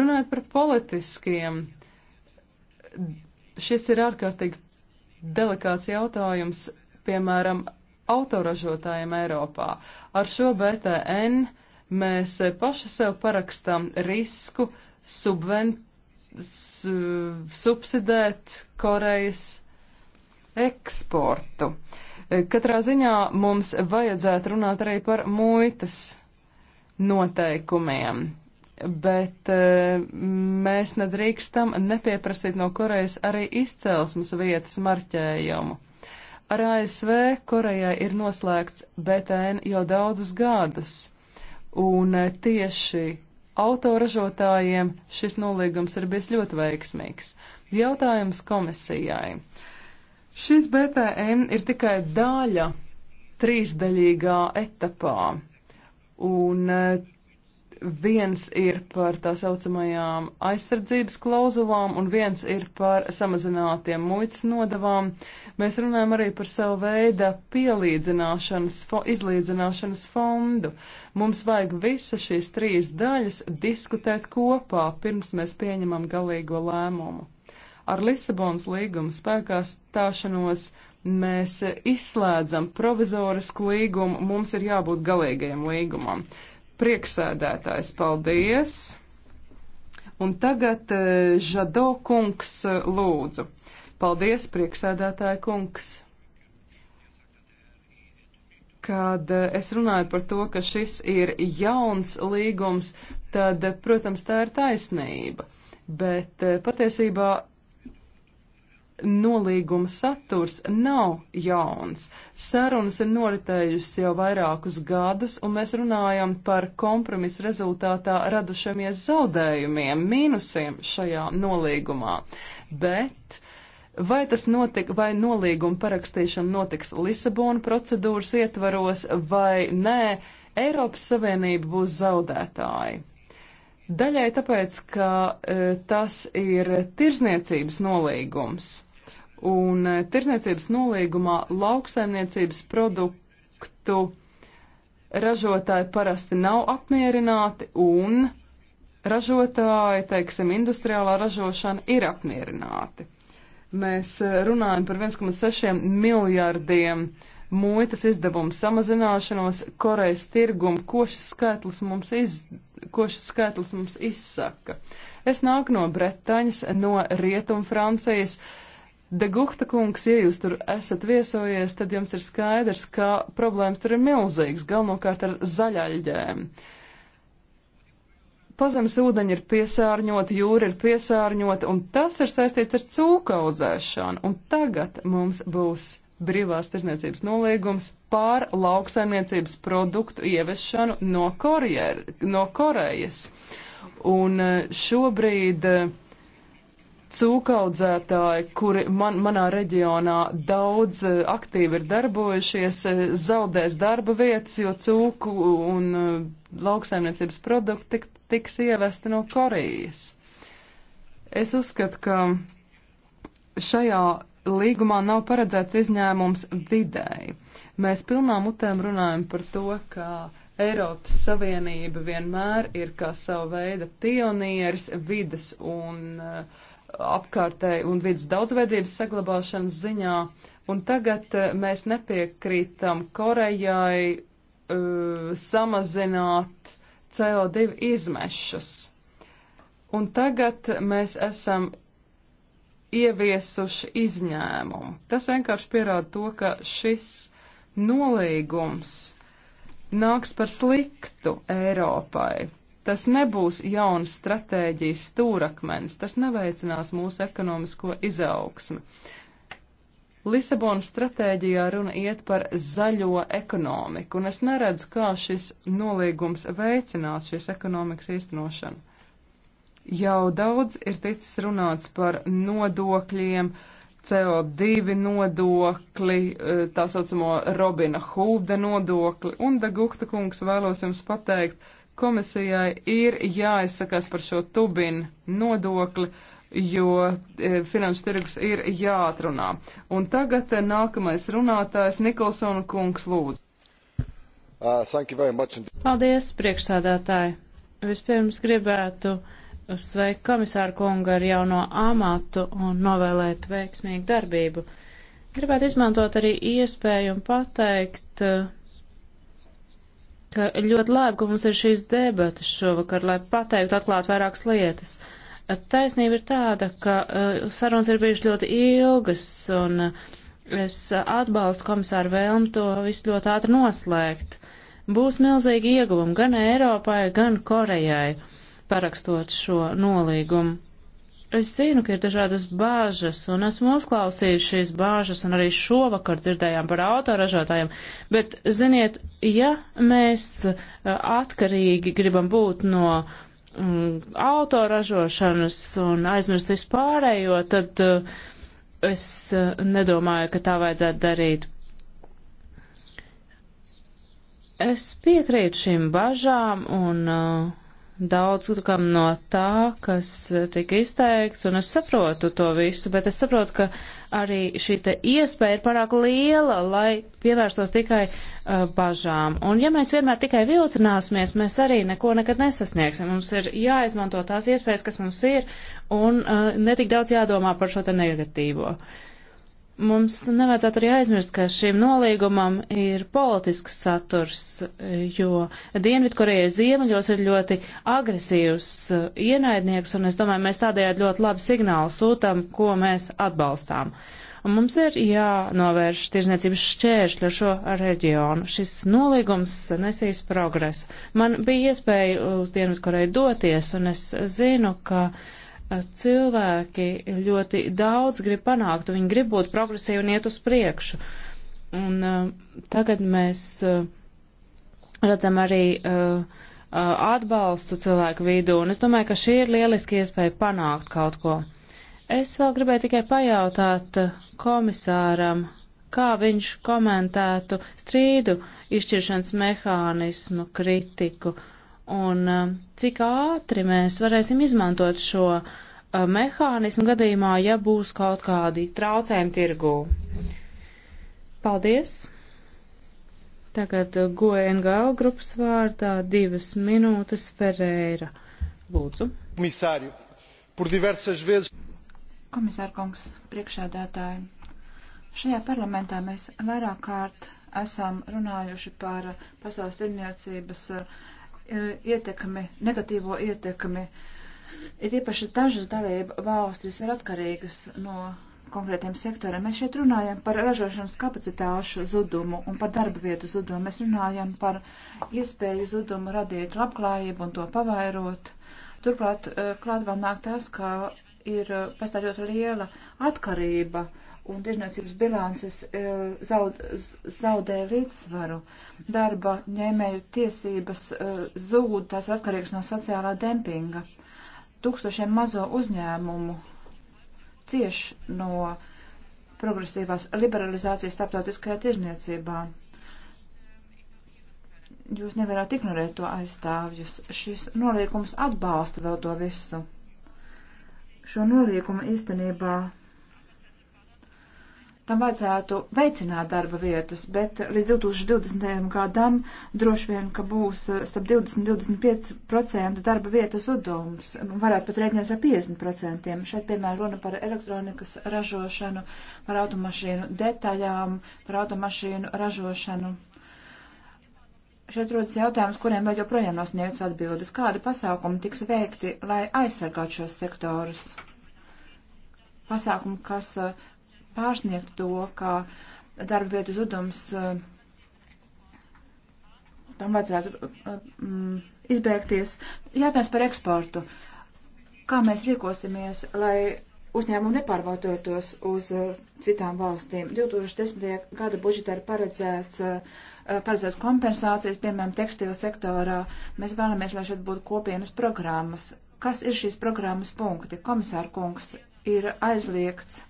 Runājot par politiskiem, šis ir ārkārtīgi delikāts jautājums, piemēram, autoražotājiem Eiropā. Ar šo BTN mēs paši sev parakstam risku subvent subsidēt Korejas eksportu. Katrā ziņā mums vajadzētu runāt arī par muitas noteikumiem, bet e, mēs nedrīkstam nepieprasīt no Korejas arī izcelsmes vietas marķējumu. Ar ASV Korejai ir noslēgts BTN jau daudzus gadus, un e, tieši autoražotājiem šis nolīgums ir bijis ļoti veiksmīgs. Jautājums komisijai. Šis BTN ir tikai daļa trīsdaļīgā etapā, un eh, viens ir par tā saucamajām aizsardzības klauzulām, un viens ir par samazinātiem muitas nodavām. Uh, Mēs runājam arī par savu veidu pielīdzināšanas, fo, izlīdzināšanas fondu. Mums vajag visas šīs trīs daļas diskutēt kopā, pirms mēs pieņemam galīgo lēmumu. Ar Lisabonas līgumu spēkā stāšanos mēs izslēdzam provizorisku līgumu, mums ir jābūt galīgajam līgumam. Prieksēdētājs, paldies! Un tagad eh, Žado kungs eh, lūdzu. Paldies, prieksēdētāja kungs! Kad eh, es runāju par to, ka šis ir jauns līgums, tad, eh, protams, tā ir taisnība. Bet eh, patiesībā nolīguma saturs nav jauns. Sarunas ir noritējusi jau vairākus gadus, un mēs runājam par kompromisu rezultātā radušamies zaudējumiem, mīnusiem šajā nolīgumā. Bet Vai tas notika, vai nolīguma parakstīšana notiks Lisabona procedūras ietvaros vai nē, Eiropas Savienība būs zaudētāji. Daļai tāpēc, ka e, tas ir tirzniecības nolīgums, un e, tirzniecības nolīgumā lauksaimniecības produktu ražotāji parasti nav apmierināti, un ražotāji, teiksim, industriālā ražošana ir apmierināti. Mēs eh, runājam par 1,6 miljārdiem muitas izdevumu samazināšanos Korejas tirgumu, ko šis skaitlis mums, iz, ko šis skaitlis mums izsaka. Es nāku no Bretaņas, no Rietum Francijas. De Guhta kungs, ja jūs tur esat viesojies, tad jums ir skaidrs, ka problēmas tur ir milzīgas, galvenokārt ar zaļaļģēm. Uh, Pazemes ūdeņi ir piesārņoti, jūra ir piesārņota, un tas ir saistīts ar cūka audzēšanu. Un tagad mums būs brīvās tirzniecības nolīgums pār lauksaimniecības produktu ieviešanu no, korjer, no Korejas. Un eh, šobrīd eh, cūkaudzētāji, kuri man, manā reģionā daudz eh, aktīvi ir darbojušies, zaudēs darba vietas, jo cūku un lauksaimniecības produkti tik, tiks ievesti no Korejas. Es uzskatu, ka šajā līgumā nav paredzēts izņēmums vidēji. Mēs pilnām utēm runājam par to, ka Eiropas Savienība vienmēr ir kā sava veida pionieris vidas un eh, apkārtēji un vidas daudzveidības saglabāšanas ziņā, un tagad eh, mēs nepiekrītam Korejai uh, samazināt CO2 izmešus. Un tagad mēs esam ieviesuši izņēmumu. Tas vienkārši pierāda to, ka šis nolīgums nāks par sliktu Eiropai. Tas nebūs jauns stratēģijas stūrakmens, tas neveicinās mūsu ekonomisko izaugsmi. Lisabonas stratēģijā runa iet par zaļo ekonomiku, un es neredzu, kā šis nolīgums veicinās šīs ekonomikas īstenošanu. Jau daudz ir ticis runāts par nodokļiem, CO2 nodokli, eh, tā saucamo Robina Hūda nodokli, un Dagukta kungs vēlos jums pateikt, komisijai ir jāizsakās par šo tubinu nodokli, jo e, finanšu tirgus ir jāatrunā. Un tagad e, nākamais runātājs Nikolsona kungs lūdzu. Uh, Paldies, priekšsādātāji. Vispirms gribētu sveikt komisāru kungu ar jauno amatu un novēlēt veiksmīgu darbību. Gribētu izmantot arī iespēju un pateikt, e, ka ļoti labi, ka mums ir šīs debatas šovakar, lai pateiktu atklāt vairākas lietas. Uh, Taisnība ir tāda, ka eh, sarunas ir bijušas ļoti ilgas, un eh, es atbalstu komisāru vēlmu to visu ļoti ātri noslēgt. Būs milzīgi ieguvumi gan Eiropai, gan Korejai parakstot šo nolīgumu. Es zinu, ka ir dažādas bāžas, un esmu uzklausījis šīs bāžas, un arī šovakar dzirdējām par autoražotājiem, bet, ziniet, ja mēs eh, atkarīgi gribam būt no uh, Mm, autoražošanas un aizmirst vispārējo, tad eh, es eh, nedomāju, ka tā vajadzētu darīt. Es piekrītu šīm bažām un uh, daudz kam no tā, kas tika izteikts, un es saprotu to visu, bet es saprotu, ka arī šī iespēja ir pārāk liela, lai pievērstos tikai uh, bažām. Un ja mēs vienmēr tikai vilcināsimies, mēs arī neko nekad nesasniegsim. Mums ir jāizmanto tās iespējas, kas mums ir, un uh, netik daudz jādomā par šo te negatīvo. Uh, Mums nevajadzētu arī aizmirst, ka šim nolīgumam ir politisks saturs, jo Dienvidkorejai ziemeļos ir ļoti agresīvs uh, ienaidnieks, un es domāju, mēs tādējādi ļoti labu signālu sūtam, ko mēs atbalstām. Un mums ir jānovērš tirzniecības šķēršļu šo reģionu. Šis nolīgums nesīs progresu. Man bija iespēja uz Dienvidkoreju doties, un es zinu, ka. Uh, Eh, cilvēki ļoti daudz grib panākt, viņi grib būt progresīvi un iet uz priekšu. Un uh, tagad mēs uh, redzam arī uh, atbalstu cilvēku vidū, un es domāju, ka šī ir lieliski iespēja panākt kaut ko. Es vēl gribēju tikai pajautāt komisāram, kā viņš komentētu strīdu izšķiršanas mehānismu kritiku. Uh, un uh, cik ātri mēs varēsim izmantot šo uh, mehānismu gadījumā, ja būs kaut kādi traucējumi tirgū. Paldies! Tagad uh, GoNGL grupas vārdā divas minūtes Ferēra. Lūdzu. Komisāri, por diversas vezes. Komisārkungs, priekšādātāji, šajā parlamentā mēs vairāk kārt esam runājuši par pasaules tirniecības uh, E, ietekmi, negatīvo ietekmi. Ir īpaši dažas dalība valstis ir atkarīgas no konkrētiem sektoriem. Mēs šeit runājam par ražošanas kapacitāšu zudumu un par darba vietu zudumu. Mēs runājam par iespēju zudumu radīt labklājību un to pavairot. Turklāt e, klāt vēl nāk tas, ka ir e, pastāv ļoti liela atkarība uh, un tiešniecības bilances e, zaud, zaudē līdzsvaru. Darba ņēmēju tiesības e, zūd, tās atkarīgs no sociālā dempinga. Tūkstošiem mazo uzņēmumu cieš no progresīvās liberalizācijas starptautiskajā tiešniecībā. Jūs nevarat ignorēt to aizstāvjus. Šis noliekums atbalsta vēl to visu. Šo noliekumu īstenībā tam vajadzētu veicināt darba vietas, bet līdz 2020. gadam droši vien, ka būs eh, starp 20-25% darba vietas uzdevums, varētu pat rēķināt ar 50%. Šeit, piemēram, runa par elektronikas ražošanu, par automašīnu detaļām, par automašīnu ražošanu. Šeit rodas jautājums, kuriem vēl joprojām nav sniegts atbildes. Kādi pasākumi tiks veikti, lai aizsargātu šos sektorus? Pasākumi, kas uh, pārsniegt to, ka darba vietu zudums eh, tam vajadzētu eh, mm, izbēgties. Jātājums par eksportu. Kā mēs rīkosimies, lai uzņēmumi nepārvātotos uz eh, citām valstīm? 2010. gada budžetā ir paredzēts, paredzēts kompensācijas, piemēram, tekstilu sektorā. Mēs vēlamies, lai šeit būtu kopienas programmas. Kas ir šīs programmas punkti? Komisāra kungs ir aizliegts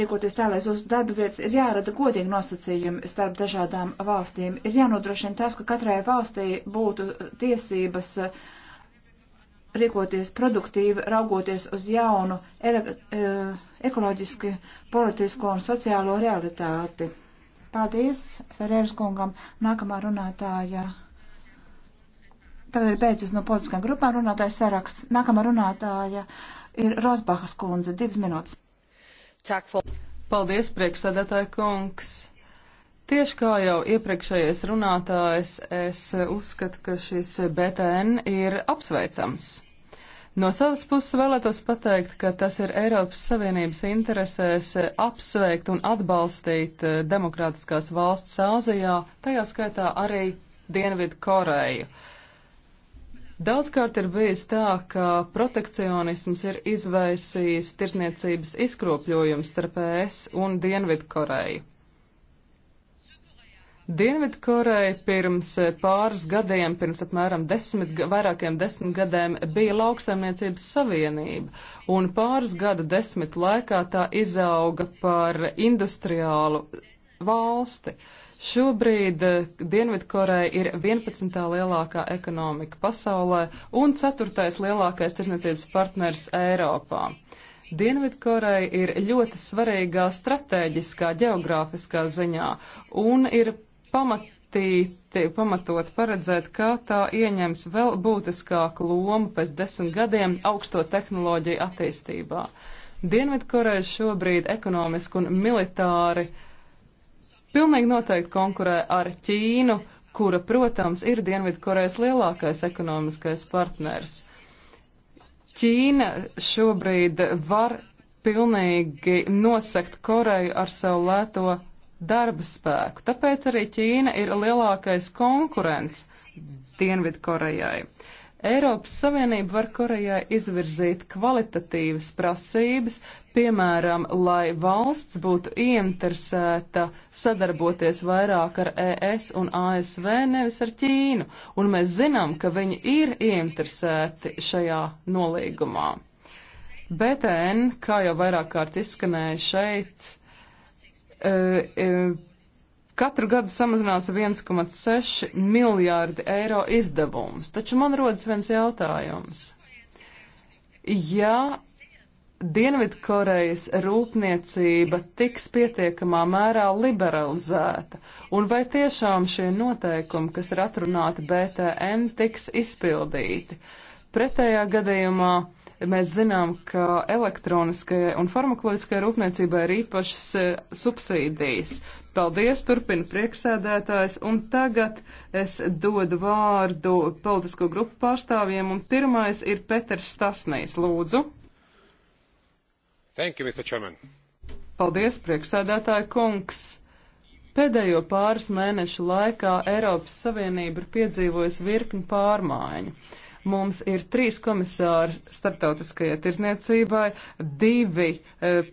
rīkoties tā, lai uz darba vietas ir jārada godīgi nosacījumi starp dažādām valstīm. Ir jānodrošina tas, ka katrai valstī būtu tiesības rīkoties produktīvi, raugoties uz jaunu ekoloģiski, politisko un sociālo realitāti. Paldies Ferēras kungam. Nākamā runātāja Tagad ir beidzis no politiskām grupām runātājs saraksts. Nākamā runātāja ir Rosbahas kundze. Divas minūtes. Paldies, priekšsēdētāja kungs. Tieši kā jau iepriekšējais runātājs, es uzskatu, ka šis BTN ir apsveicams. No savas puses vēlētos pateikt, ka tas ir Eiropas Savienības interesēs apsveikt un atbalstīt demokrātiskās valsts Āzijā, tajā skaitā arī Dienvidu Koreju. Uh, Daudzkārt ir bijis tā, ka protekcionisms ir izvaisījis tirsniecības izkropļojumu starp ES un Dienvidkoreju. Dienvidkoreja pirms pāris gadiem, pirms apmēram desmit, vairākiem desmit gadiem, bija lauksaimniecības savienība, un pāris gadu desmit laikā tā izauga par industriālu valsti. Uh, Šobrīd eh, Dienvidkoreja ir 11. lielākā ekonomika pasaulē un 4. lielākais tirsniecības partners Eiropā. Dienvidkoreja ir ļoti svarīgā strateģiskā, geogrāfiskā ziņā un ir pamatīti, pamatot paredzēt, kā tā ieņems vēl būtiskāku lomu pēc desmit gadiem augsto tehnoloģiju attīstībā. Dienvidkoreja šobrīd ekonomiski un militāri uh, pilnīgi noteikti konkurē ar Ķīnu, kura, protams, ir Dienvidkorejas lielākais ekonomiskais partners. Ķīna šobrīd var pilnīgi nosakt Koreju ar savu lēto darba spēku. Tāpēc arī Ķīna ir lielākais konkurents Dienvidkorejai. Uh, Eiropas Savienība var Korejai izvirzīt kvalitatīvas prasības, piemēram, lai valsts būtu ieinteresēta sadarboties vairāk ar ES un ASV, nevis ar Ķīnu, un mēs zinām, ka viņi ir ieinteresēti šajā nolīgumā. BTN, kā jau vairāk kārt izskanēja šeit, e, e, Katru gadu samazinās 1,6 miljārdi eiro izdevums. Taču man rodas viens jautājums. Ja Dienvidkorejas rūpniecība tiks pietiekamā mērā liberalizēta, un vai tiešām šie noteikumi, kas ir atrunāti BTN, tiks izpildīti? Pretējā gadījumā mēs zinām, ka elektroniskajai un farmakoloģiskajai rūpniecībai ir īpašas eh, subsīdijas. Paldies, turpina prieksēdētājs, un tagad es dodu vārdu politisko grupu pārstāvjiem, un pirmais ir Peters Stasnīs, lūdzu. Thank you, Mr. Chairman. Paldies, prieksēdētāja kungs. Pēdējo pāris mēnešu laikā Eiropas Savienība ir piedzīvojusi virkni pārmaiņu. Mums ir trīs komisāri starptautiskajai tirzniecībai, divi e,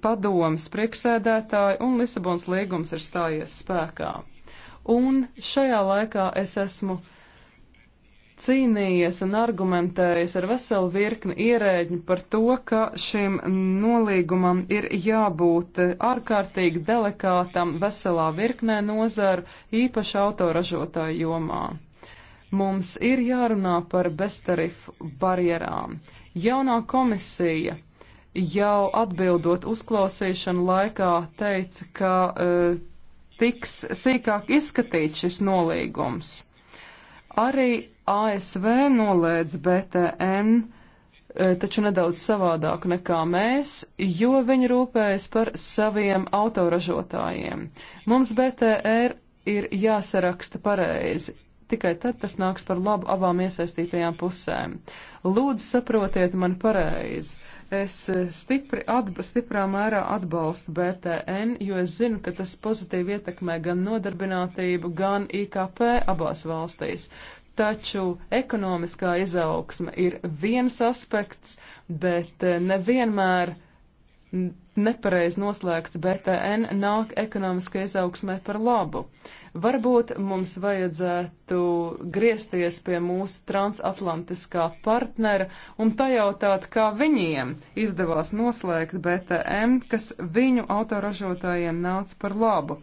padomas priekšsēdētāji un Lisabons līgums ir stājies spēkā. Un šajā laikā es esmu cīnījies un argumentējies ar veselu virkni ierēģi par to, ka šim nolīgumam ir jābūt e, ārkārtīgi delikātam veselā virknē nozaru, īpaši autoražotāju jomā. Mums ir jārunā par beztarifu barjerām. Jaunā komisija jau atbildot uzklausīšanu laikā teica, ka uh, tiks sīkāk izskatīt šis nolīgums. Arī ASV nolēdz BTN, uh, eh, taču nedaudz savādāk nekā mēs, jo viņi rūpējas par saviem autoražotājiem. Mums BTR ir jāsaraksta pareizi tikai tad tas nāks par labu abām iesaistītajām pusēm. Lūdzu, saprotiet mani pareizi. Es eh, stipri atba, stiprā mērā atbalstu BTN, jo es zinu, ka tas pozitīvi ietekmē gan nodarbinātību, gan IKP abās valstīs. Taču ekonomiskā izaugsme ir viens aspekts, bet eh, nevienmēr nepareiz noslēgts BTN nāk ekonomiskai izaugsmē par labu. Varbūt mums vajadzētu griezties pie mūsu transatlantiskā partnera un pajautāt, kā viņiem izdevās noslēgt BTM, kas viņu autoražotājiem nāca par labu.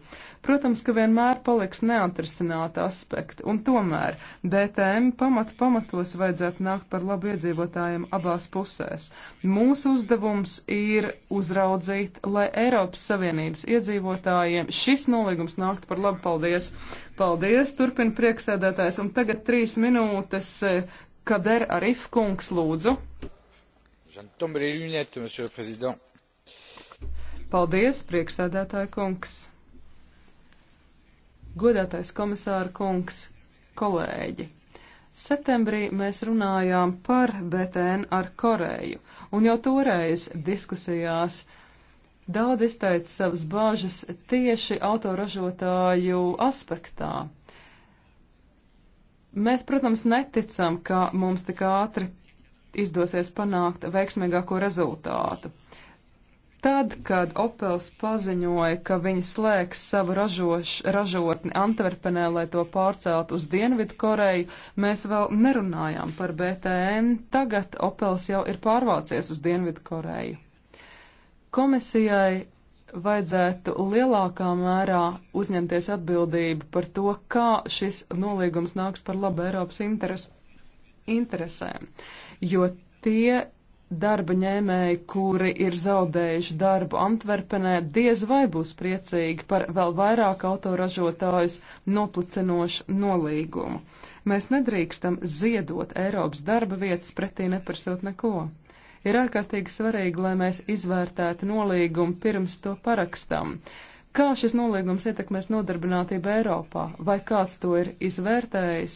Protams, ka vienmēr paliks neatrisināta aspekta, un tomēr BTM pamat pamatos vajadzētu nākt par labu iedzīvotājiem abās pusēs. Mūsu uzdevums ir uzraudzīt, lai Eiropas Savienības iedzīvotājiem šis nolīgums nākt par labu. Paldies! Paldies! Paldies! Turpin prieksēdētājs. Un tagad trīs minūtes, e, kad ir Arif kungs lūdzu. Paldies, prieksēdētāja kungs! Godātais komisāra kungs, kolēģi! Septembrī mēs runājām par BTN ar Koreju, un jau toreiz diskusijās uh, Daudz izteica savas bāžas tieši autoražotāju aspektā. Mēs, protams, neticam, ka mums tik ātri izdosies panākt veiksmīgāko rezultātu. Tad, kad Opels paziņoja, ka viņi slēgs savu ražoš, ražotni Antverpenē, lai to pārceltu uz Dienvidu Koreju, mēs vēl nerunājām par BTN. Tagad Opels jau ir pārvācies uz Dienvidu Koreju. Komisijai vajadzētu lielākā mērā uzņemties atbildību par to, kā šis nolīgums nāks par labu Eiropas interes, interesēm, jo tie darba ņēmēji, kuri ir zaudējuši darbu Antverpenē, diez vai būs priecīgi par vēl vairāk autoražotājus noplicinošu nolīgumu. Mēs nedrīkstam ziedot Eiropas darba vietas pretī neprasot neko. Ir ārkārtīgi svarīgi, lai mēs izvērtētu nolīgumu pirms to parakstam. Kā šis nolīgums ietekmēs nodarbinātību Eiropā? Vai kāds to ir izvērtējis?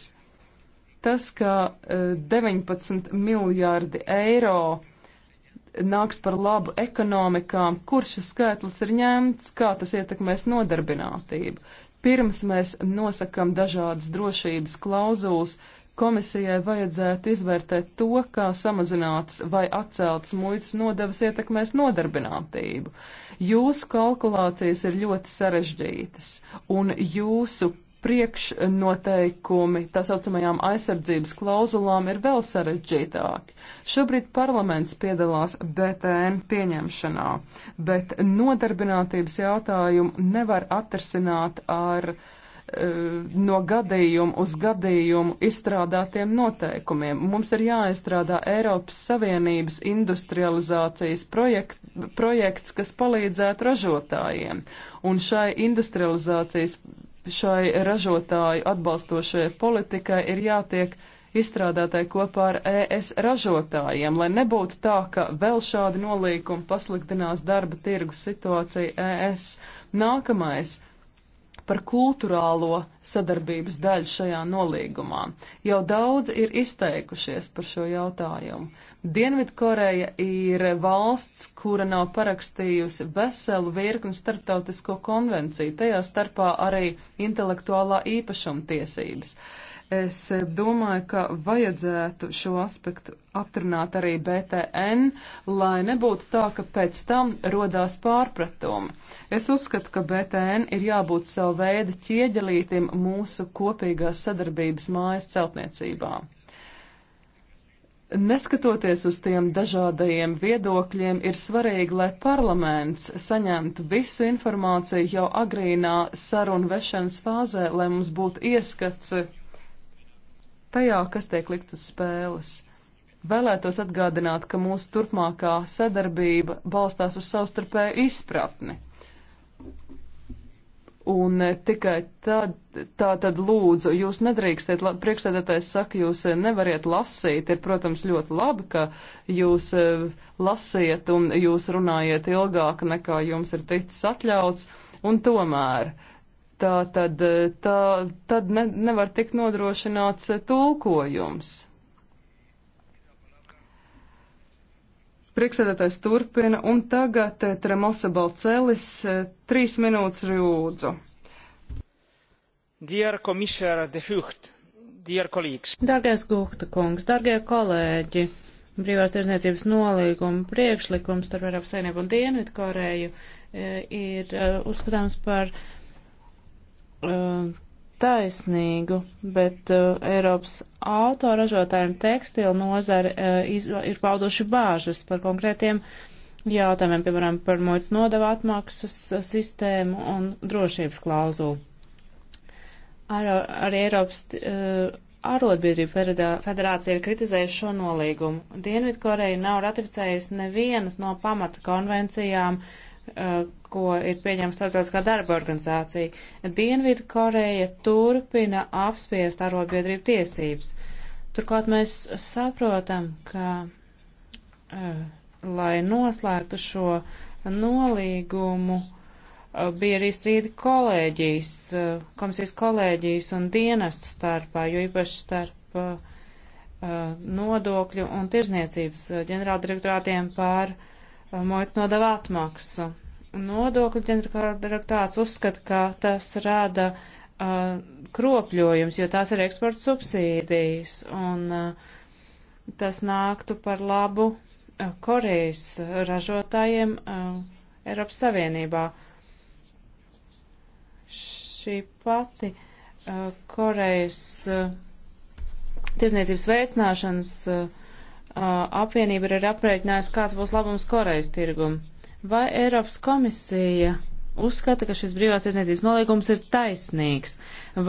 Tas, ka 19 e, miljārdi eiro nāks par labu ekonomikām, kur šis skaitlis ir ņemts, kā tas ietekmēs nodarbinātību. Pirms mēs nosakam dažādas drošības klauzulas, Komisijai vajadzētu izvērtēt to, kā samazinātas vai atceltas muitas nodevas ietekmēs nodarbinātību. Jūsu kalkulācijas ir ļoti sarežģītas, un jūsu priekšnoteikumi tā saucamajām aizsardzības klauzulām ir vēl sarežģītāki. Šobrīd parlaments piedalās BTN pieņemšanā, bet nodarbinātības jautājumu nevar atrisināt ar uh, Eh, no gadījuma uz gadījumu izstrādātiem noteikumiem. Mums ir jāizstrādā Eiropas Savienības industrializācijas projekt, projekts, kas palīdzētu ražotājiem. Un šai industrializācijas, šai ražotāju atbalstošajai politikai ir jātiek izstrādātai kopā ar ES ražotājiem, lai nebūtu tā, ka vēl šādi nolīkumi pasliktinās darba tirgus situāciju ES. Nākamais par kultūrālo sadarbības daļu šajā nolīgumā. Jau daudz ir izteikušies par šo jautājumu. Dienvidkoreja ir valsts, kura nav parakstījusi veselu virkni starptautisko konvenciju, tajā starpā arī intelektuālā īpašuma tiesības. Uh, Es domāju, ka vajadzētu šo aspektu atrunāt arī BTN, lai nebūtu tā, ka pēc tam rodās pārpratumi. Es uzskatu, ka BTN ir jābūt savu veidu ķieģelītim mūsu kopīgās sadarbības mājas celtniecībā. Neskatoties uz tiem dažādajiem viedokļiem, ir svarīgi, lai parlaments saņemtu visu informāciju jau agrīnā sarunu vešanas fāzē, lai mums būtu ieskats, tajā, kas tiek likt uz spēles. Vēlētos atgādināt, ka mūsu turpmākā sadarbība balstās uz savstarpēju izpratni. Un e, tikai tad, tā tad lūdzu, jūs nedrīkstiet, priekšsēdētājs saka, jūs e, nevariet lasīt. Ir, protams, ļoti labi, ka jūs e, lasiet un jūs runājiet ilgāk nekā jums ir ticis atļauts. Un tomēr uh, tā tad, tā, tad ne, nevar tikt nodrošināts tulkojums. Priekšsēdētājs turpina, un tagad eh, Tremosa Balcelis eh, trīs minūtes rūdzu. Dear Commissioner de Hucht, dear colleagues. Dargais Gukta kungs, dargie kolēģi, brīvās tirzniecības nolīguma priekšlikums starp Eiropas Savienību un Dienvidkoreju eh, ir uzskatāms par Uh, taisnīgu, bet uh, Eiropas autoražotājiem tekstilu nozari uh, iz, ir pauduši bāžas par konkrētiem jautājumiem, piemēram, par muitas nodevu atmaksas sistēmu un drošības klauzulu. Ar, arī Eiropas uh, arotbiedrība federācija ir kritizējusi šo nolīgumu. Dienvidkoreja nav ratificējusi nevienas no pamata konvencijām uh, Uh, ko ir pieņemta starptautiskā darba organizācija. Dienvidu Koreja turpina apspiest arotbiedrību tiesības. Turklāt mēs saprotam, ka, uh, lai noslēgtu šo nolīgumu, uh, bija arī strīdi kolēģijas, uh, komisijas kolēģijas un dienestu starpā, jo īpaši starp uh, uh, nodokļu un tirzniecības ģenerāldirektorātiem pār uh, muitas nodevu atmaksu. Nodokļu ģenerāldirektāts uzskata, ka tas rada uh, kropļojums, jo tās ir eksporta subsīdijas, un uh, tas nāktu par labu uh, Korejas ražotājiem uh, Eiropas Savienībā. Šī pati uh, Korejas uh, tirzniecības veicināšanas uh, apvienība ir aprēķinājusi, kāds būs labums Korejas tirgumu. Vai Eiropas komisija uzskata, ka šis brīvās tiesniecības nolīgums ir taisnīgs?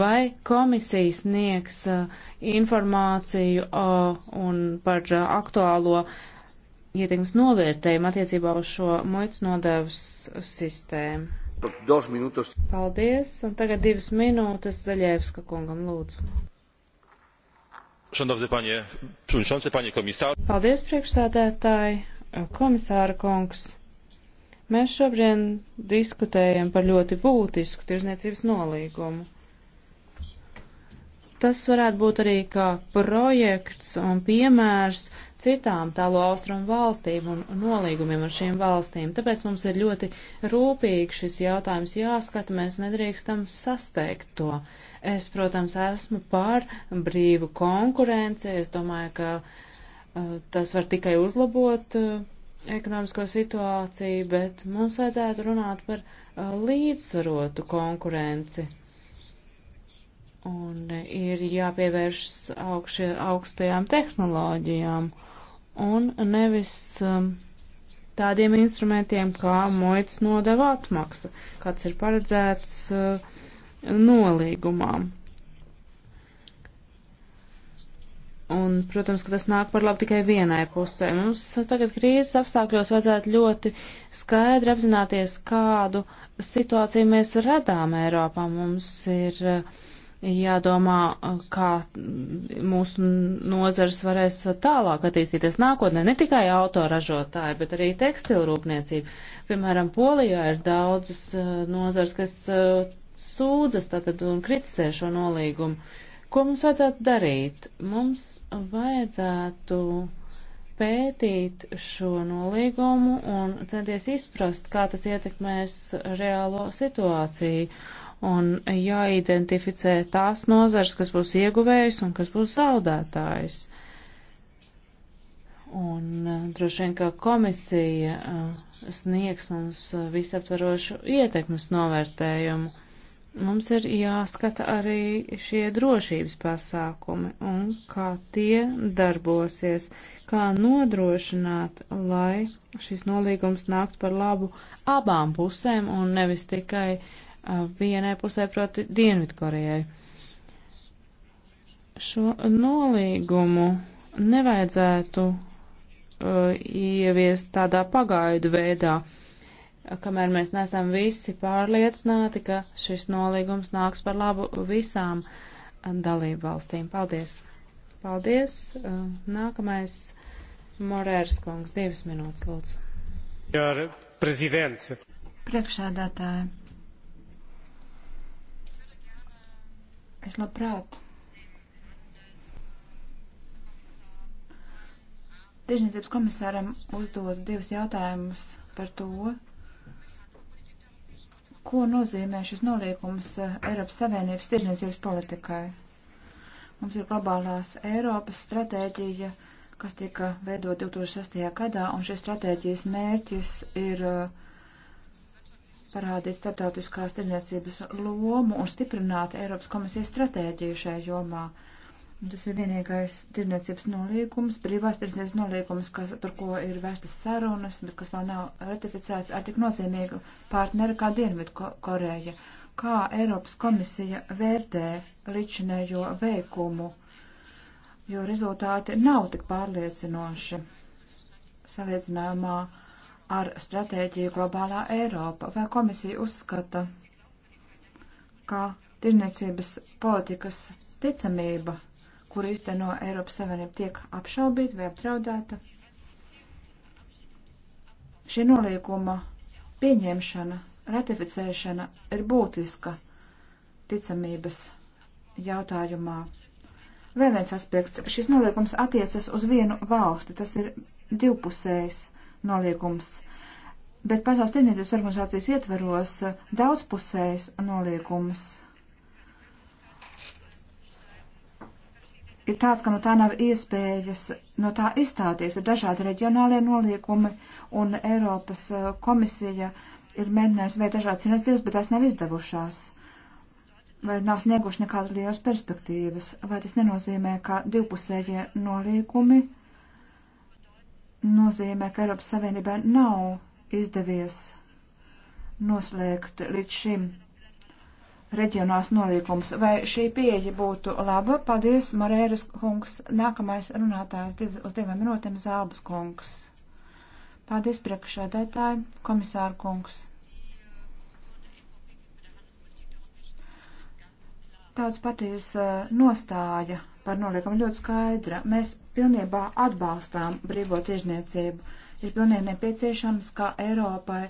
Vai komisija sniegs uh, informāciju uh, un par uh, aktuālo ietekmes novērtējumu attiecībā uz šo muitas nodevas sistēmu? Paldies, un tagad divas minūtes Zaļievska kungam lūdzu. Šanovzi panie, šonse panie komisāri. Paldies, priekšsādētāji, komisāra kungs. Mēs šobrien diskutējam par ļoti būtisku tirzniecības nolīgumu. Tas varētu būt arī kā projekts un piemērs citām tālo austrumu valstīm un nolīgumiem ar šīm valstīm. Tāpēc mums ir ļoti rūpīgi šis jautājums jāskata, mēs nedrīkstam sasteigt to. Es, protams, esmu par brīvu konkurenci. Es domāju, ka uh, tas var tikai uzlabot uh, ekonomisko situāciju, bet mums vajadzētu runāt par uh, līdzsvarotu konkurenci. Un ir jāpievēršas augšie, augstajām tehnoloģijām un nevis um, tādiem instrumentiem kā muitas nodeva atmaksa, kāds ir paredzēts uh, nolīgumām. Un, protams, ka tas nāk par labu tikai vienai pusē. Mums tagad krīzes apstākļos vajadzētu ļoti skaidri apzināties, kādu situāciju mēs redām Eiropā. Mums ir eh, jādomā, kā mūsu nozars varēs tālāk attīstīties nākotnē. Ne tikai autoražotāji, bet arī tekstilrūpniecība. Piemēram, Polijā ir daudzas eh, nozars, kas eh, sūdzas tātad un kritizē šo nolīgumu. Ko mums vajadzētu darīt? Mums vajadzētu pētīt šo nolīgumu un centies izprast, kā tas ietekmēs reālo situāciju un jāidentificē tās nozars, kas būs ieguvējs un kas būs zaudētājs. Un uh, droši vien, ka komisija uh, sniegs mums uh, visaptvarošu ietekmes novērtējumu mums ir jāskata arī šie drošības pasākumi un kā tie darbosies, kā nodrošināt, lai šis nolīgums nākt par labu abām pusēm un nevis tikai uh, vienai pusē, proti Dienvidkorejai. Šo nolīgumu nevajadzētu uh, ieviest tādā pagaidu veidā. Uh, kamēr mēs nesam visi pārliecināti, ka šis nolīgums nāks par labu visām dalību valstīm. Paldies! Paldies! Uh, nākamais Morērs kungs, divas minūtes lūdzu. Prezidents. Priekšsēdētāji. Es labprāt. Tiešniecības komisāram uzdot divus jautājumus par to, Ko nozīmē šis noliekums eh, Eiropas Savienības tirdzniecības politikai? Mums ir globālās Eiropas stratēģija, kas tika veidot 2006. gadā, un šis stratēģijas mērķis ir eh, parādīt starptautiskās tirdzniecības lomu un stiprināt Eiropas komisijas stratēģiju šajā jomā. Tas ir vienīgais tirniecības nolīgums, brīvās tirniecības nolīgums, kas, par ko ir vēstas sarunas, bet kas vēl nav ratificēts ar tik nozīmīgu partneri kā Dienvidu Koreja. Kā Eiropas komisija vērtē līdzinējo veikumu, jo rezultāti nav tik pārliecinoši salīdzinājumā ar stratēģiju globālā Eiropa. Vai komisija uzskata, ka tirniecības politikas ticamība kuru izteno Eiropas Savienība, tiek apšaubīta vai aptraudēta. Šī nolīguma pieņemšana, ratificēšana ir būtiska ticamības jautājumā. Vēl viens aspekts. Šis noliekums attiecas uz vienu valsti. Tas ir divpusējs noliekums. Bet Pasaules tirniecības organizācijas ietveros daudzpusējs noliekums ir tāds, ka no tā nav iespējas no tā izstāties. Ir dažādi reģionālie noliekumi, un Eiropas eh, komisija ir mēģinājusi veikt dažādas iniciatīvas, bet tās nav izdevušās. Vai nav snieguši nekādas lielas perspektīvas, vai tas nenozīmē, ka divpusējie noliekumi nozīmē, ka Eiropas Savienībai nav izdevies noslēgt līdz šim reģionāls nolīgums. Vai šī pieeja būtu laba? Paldies, Marēras kungs. Nākamais runātājs div, uz divām minūtēm Zābas kungs. Paldies, priekšsēdētāji, komisāra kungs. Tāds patīs eh, nostāja par noliekumu ļoti skaidra. Mēs pilnībā atbalstām brīvo tiežniecību. Ir pilnīgi nepieciešams, ka Eiropai,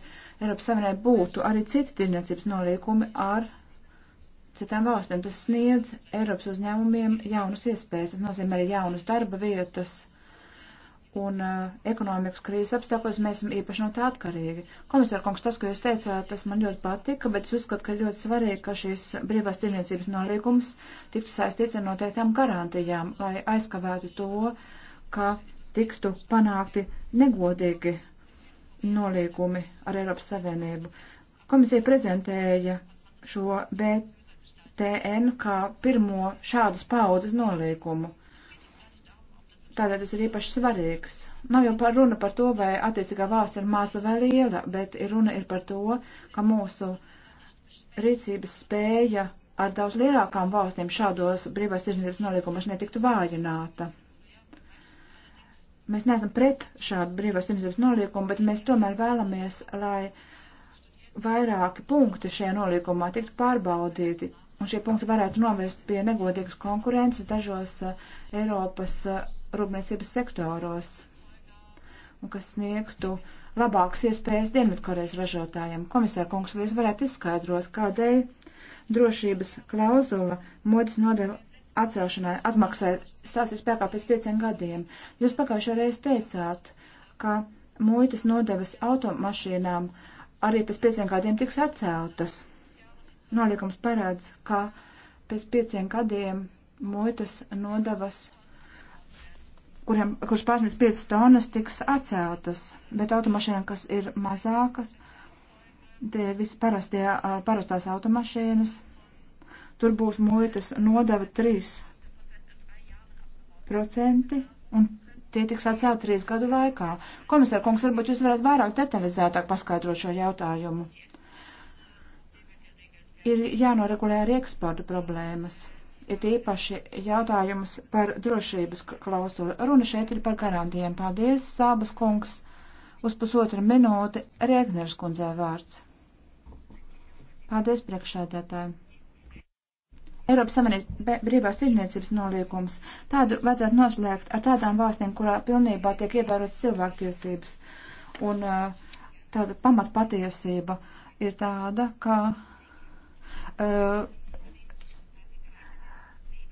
Eiropas Savienībai būtu arī citi tiežniecības noliekumi ar citām valstīm. Tas sniedz Eiropas uzņēmumiem jaunas iespējas, tas nozīmē arī jaunas darba vietas. Un uh, ekonomikas krīzes apstākļos mēs esam īpaši no tā atkarīgi. Komisāra kungs, tas, ko jūs teicāt, tas man ļoti patika, bet es uzskatu, ka ļoti svarīgi, ka šīs brīvās tirniecības nolīgums tiktu saistīts ar noteiktām garantijām, lai aizkavētu to, ka tiktu panākti negodīgi nolīgumi ar Eiropas Savienību. Komisija prezentēja šo BT TN kā pirmo šādas paudzes nolīgumu. Tādēļ tas ir īpaši svarīgs. Nav jau par runa par to, vai attiecīgā valsts ir maza vai liela, bet runa ir par to, ka mūsu rīcības spēja ar daudz lielākām valstīm šādos brīvās tirdzniecības nolīgumos netiktu vājināta. Mēs neesam pret šādu brīvās tirdzniecības nolīgumu, bet mēs tomēr vēlamies, lai vairāki punkti šajā nolīgumā tiktu pārbaudīti, un šie punkti varētu novest pie negodīgas konkurences dažos eh, Eiropas eh, rūpniecības sektoros, un kas sniegtu labākas iespējas Dienvidkorejas ražotājiem. Komisāra kungs, vai jūs varētu izskaidrot, kādēļ drošības klauzula modas nodeva atcelšanai atmaksai stāsies spēkā pēc pieciem gadiem? Jūs pagājušajā reizē teicāt, ka muitas nodevas automašīnām arī pēc pieciem gadiem tiks atceltas. Nolikums parāds, ka pēc pieciem gadiem muitas nodavas, kuriem, kurš pārsniedz 5 tonas, tiks atceltas, bet automašīnām, kas ir mazākas, tie visi parastie, parastās automašīnas, tur būs muitas nodeva 3% un tie tiks atcelt trīs gadu laikā. Komisāra kungs, varbūt jūs varat vairāk detalizētāk paskaidrot šo jautājumu ir jānoregulē arī eksporta problēmas. Ir tīpaši jautājums par drošības klausuli. Runa šeit ir par garantijiem. Paldies, Sābas kungs. Uz pusotru minūti Rēgners kundzē vārds. Paldies, priekšsēdētāji. Eiropas Savienības brīvās tirdzniecības noliekums. Tādu vajadzētu noslēgt ar tādām valstīm, kurā pilnībā tiek ievērotas cilvēktiesības. Un eh, tāda pamatpatiesība ir tāda, ka uh,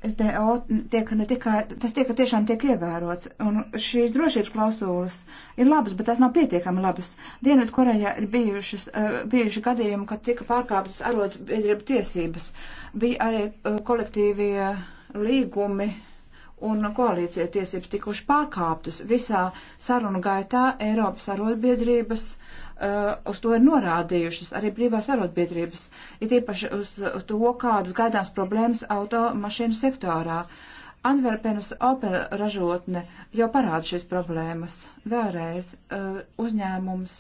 eh, SDO tiek ne tikai, tas tiek tiešām tiek ievērots, un šīs drošības klausulas ir labas, bet tās nav pietiekami labas. Dienvidu Korejā ir bijušas, uh, bijuši gadījumi, kad tika pārkāptas arotbiedrība tiesības, bija arī uh, kolektīvie līgumi un koalīcija tiesības tikuši pārkāptas visā sarunu gaitā Eiropas arotbiedrības uh, uh, uz to ir norādījušas arī brīvās arotbiedrības, ir īpaši uz, uz to, kādas gaidāmas problēmas automašīnu sektorā. Antverpenes opera ražotne jau parāda šīs problēmas. Vēlreiz uh, uzņēmums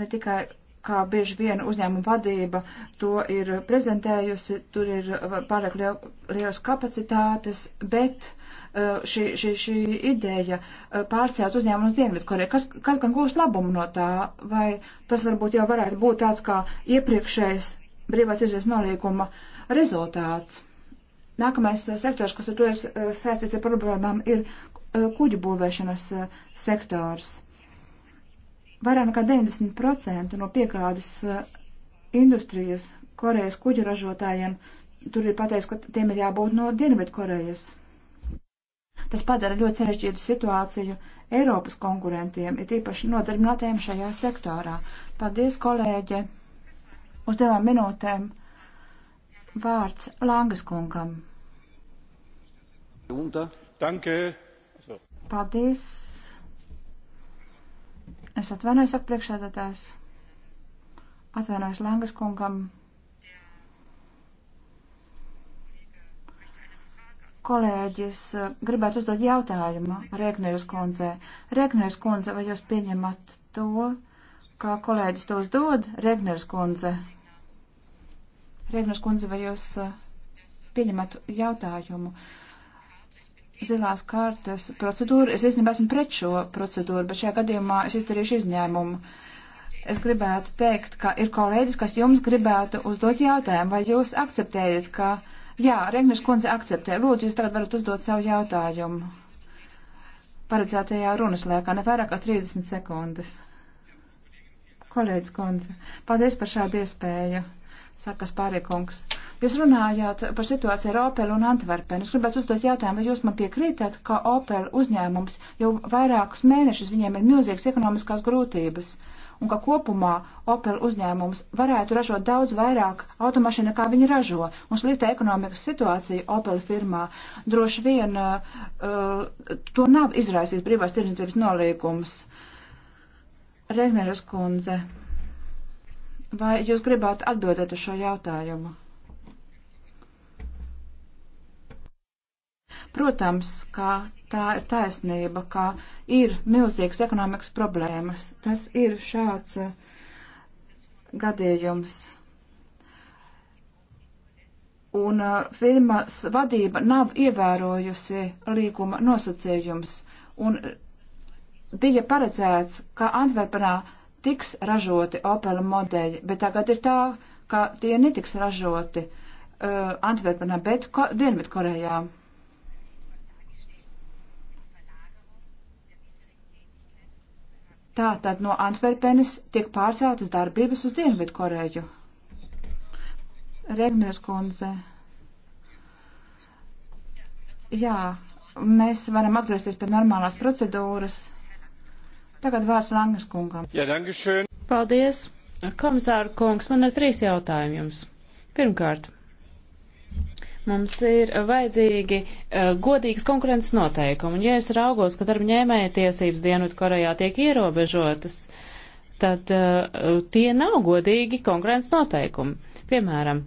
ne tikai kā bieži vien uzņēmuma vadība to ir prezentējusi, tur ir uh, pārāk liel, lielas kapacitātes, bet Eh, šī, šī, šī ideja eh, pārcelt uzņēmumu uz Dienvidkoreju. Kas, kas gan gūs labumu no tā? Vai tas varbūt jau varētu būt tāds kā iepriekšējais brīvās izvēles nolīguma rezultāts? Nākamais eh, sektors, kas ar to ir saistīts ar problēmām, ir kuģu būvēšanas sektors. Vairāk nekā 90% no piekrādes industrijas Korejas kuģu ražotājiem tur ir pateikts, ka tiem ir jābūt no Dienvidkorejas. Tas padara ļoti sarežģītu situāciju Eiropas konkurentiem, ir īpaši nodarbinātiem šajā sektorā. Paldies, kolēģe! Uz divām minūtēm vārds Langas kungam. Paldies! Es atvainojos, ak, priekšēdētājs. Atvainojos Langas kungam. kolēģis eh, gribētu uzdot jautājumu Rēkneres kundzē. Rēkneres kundze, vai jūs pieņemat to, kā kolēģis tos dod? Rēkneres kundze. Rēkneres kundze, vai jūs eh, pieņemat jautājumu? Zilās kārtas procedūra. Es īstenībā esmu pret šo procedūru, bet šajā gadījumā es izdarīšu izņēmumu. Es gribētu teikt, ka ir kolēģis, kas jums gribētu uzdot jautājumu, vai jūs akceptējat, ka. Uh, Jā, Regnes kundze akceptē. Lūdzu, jūs tagad varat uzdot savu jautājumu. Paredzētajā runas laikā ne vairāk kā 30 sekundes. Kolēģis kundze, paldies par šādu iespēju, saka Spāriekungs. Jūs runājāt par situāciju ar Opel un Antverpenu. Es gribētu uzdot jautājumu, vai jūs man piekrītat, ka Opel uzņēmums jau vairākus mēnešus viņiem ir milzīgas ekonomiskās grūtības. Uh, un ka kopumā Opel uzņēmums varētu ražot daudz vairāk automašīnu, nekā viņi ražo, un slikta ekonomikas situācija Opel firmā droši vien uh, uh to nav izraisījis brīvās tirdzniecības nolīgums. Reizmēras kundze, vai jūs gribētu atbildēt uz šo jautājumu? Protams, ka tā ir taisnība, ka ir milzīgas ekonomikas problēmas. Tas ir šāds eh, gadījums. Un eh, firmas vadība nav ievērojusi līguma nosacījums. Un eh, bija paredzēts, ka Antverpenā tiks ražoti Opel modeļi, bet tagad ir tā, ka tie netiks ražoti uh, Antverpenā, bet Dienvidkorejā. Ko Tātad no Antverpenes tiek pārceltas darbības uz Dienvidkoreju. Regners kundze. Jā, mēs varam atgriezties pie normālās procedūras. Tagad vārds Langas kungam. Jā, Dankeschön. Paldies. Komisāra kungs, man ir trīs jautājumi jums. Pirmkārt, Mums ir vajadzīgi uh, godīgas konkurences noteikumi. Un, ja es raugos, ka darba ņēmēja tiesības Dienvidkorejā tiek ierobežotas, tad uh, tie nav godīgi konkurences noteikumi. Piemēram,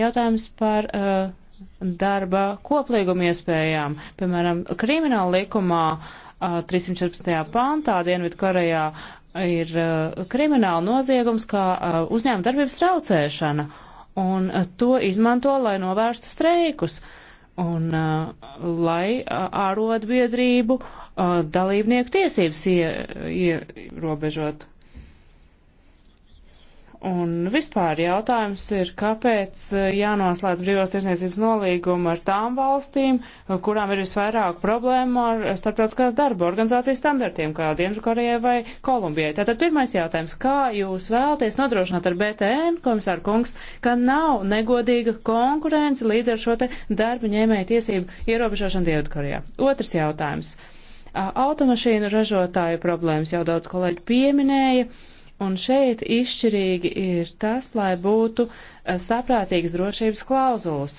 jautājums par uh, darba koplīguma iespējām. Piemēram, krimināla likumā uh, 314. pāntā Dienvidkorejā ir uh, krimināla noziegums kā uh, uzņēmuma darbības traucēšana. Uh, un eh, to izmanto, lai novērstu streikus un eh, lai eh, ārodbiedrību dalībnieku tiesības ierobežotu. Ie, ie Un vispār jautājums ir, kāpēc eh, jānoslēdz brīvās tirsniecības nolīguma ar tām valstīm, kurām ir visvairāk problēmu ar starptautiskās darba organizācijas standartiem, kā Dienvidkorejai vai Kolumbijai. Tātad pirmais jautājums, kā jūs vēlaties nodrošināt ar BTN, komisāra kungs, ka nav negodīga konkurence līdz ar šo te darba ņēmēja tiesību ierobežošanu Dienvidkorejā? Otrs jautājums. Automašīnu ražotāju problēmas jau daudz kolēģi pieminēja Un šeit izšķirīgi ir tas, lai būtu eh, saprātīgas drošības klauzulas.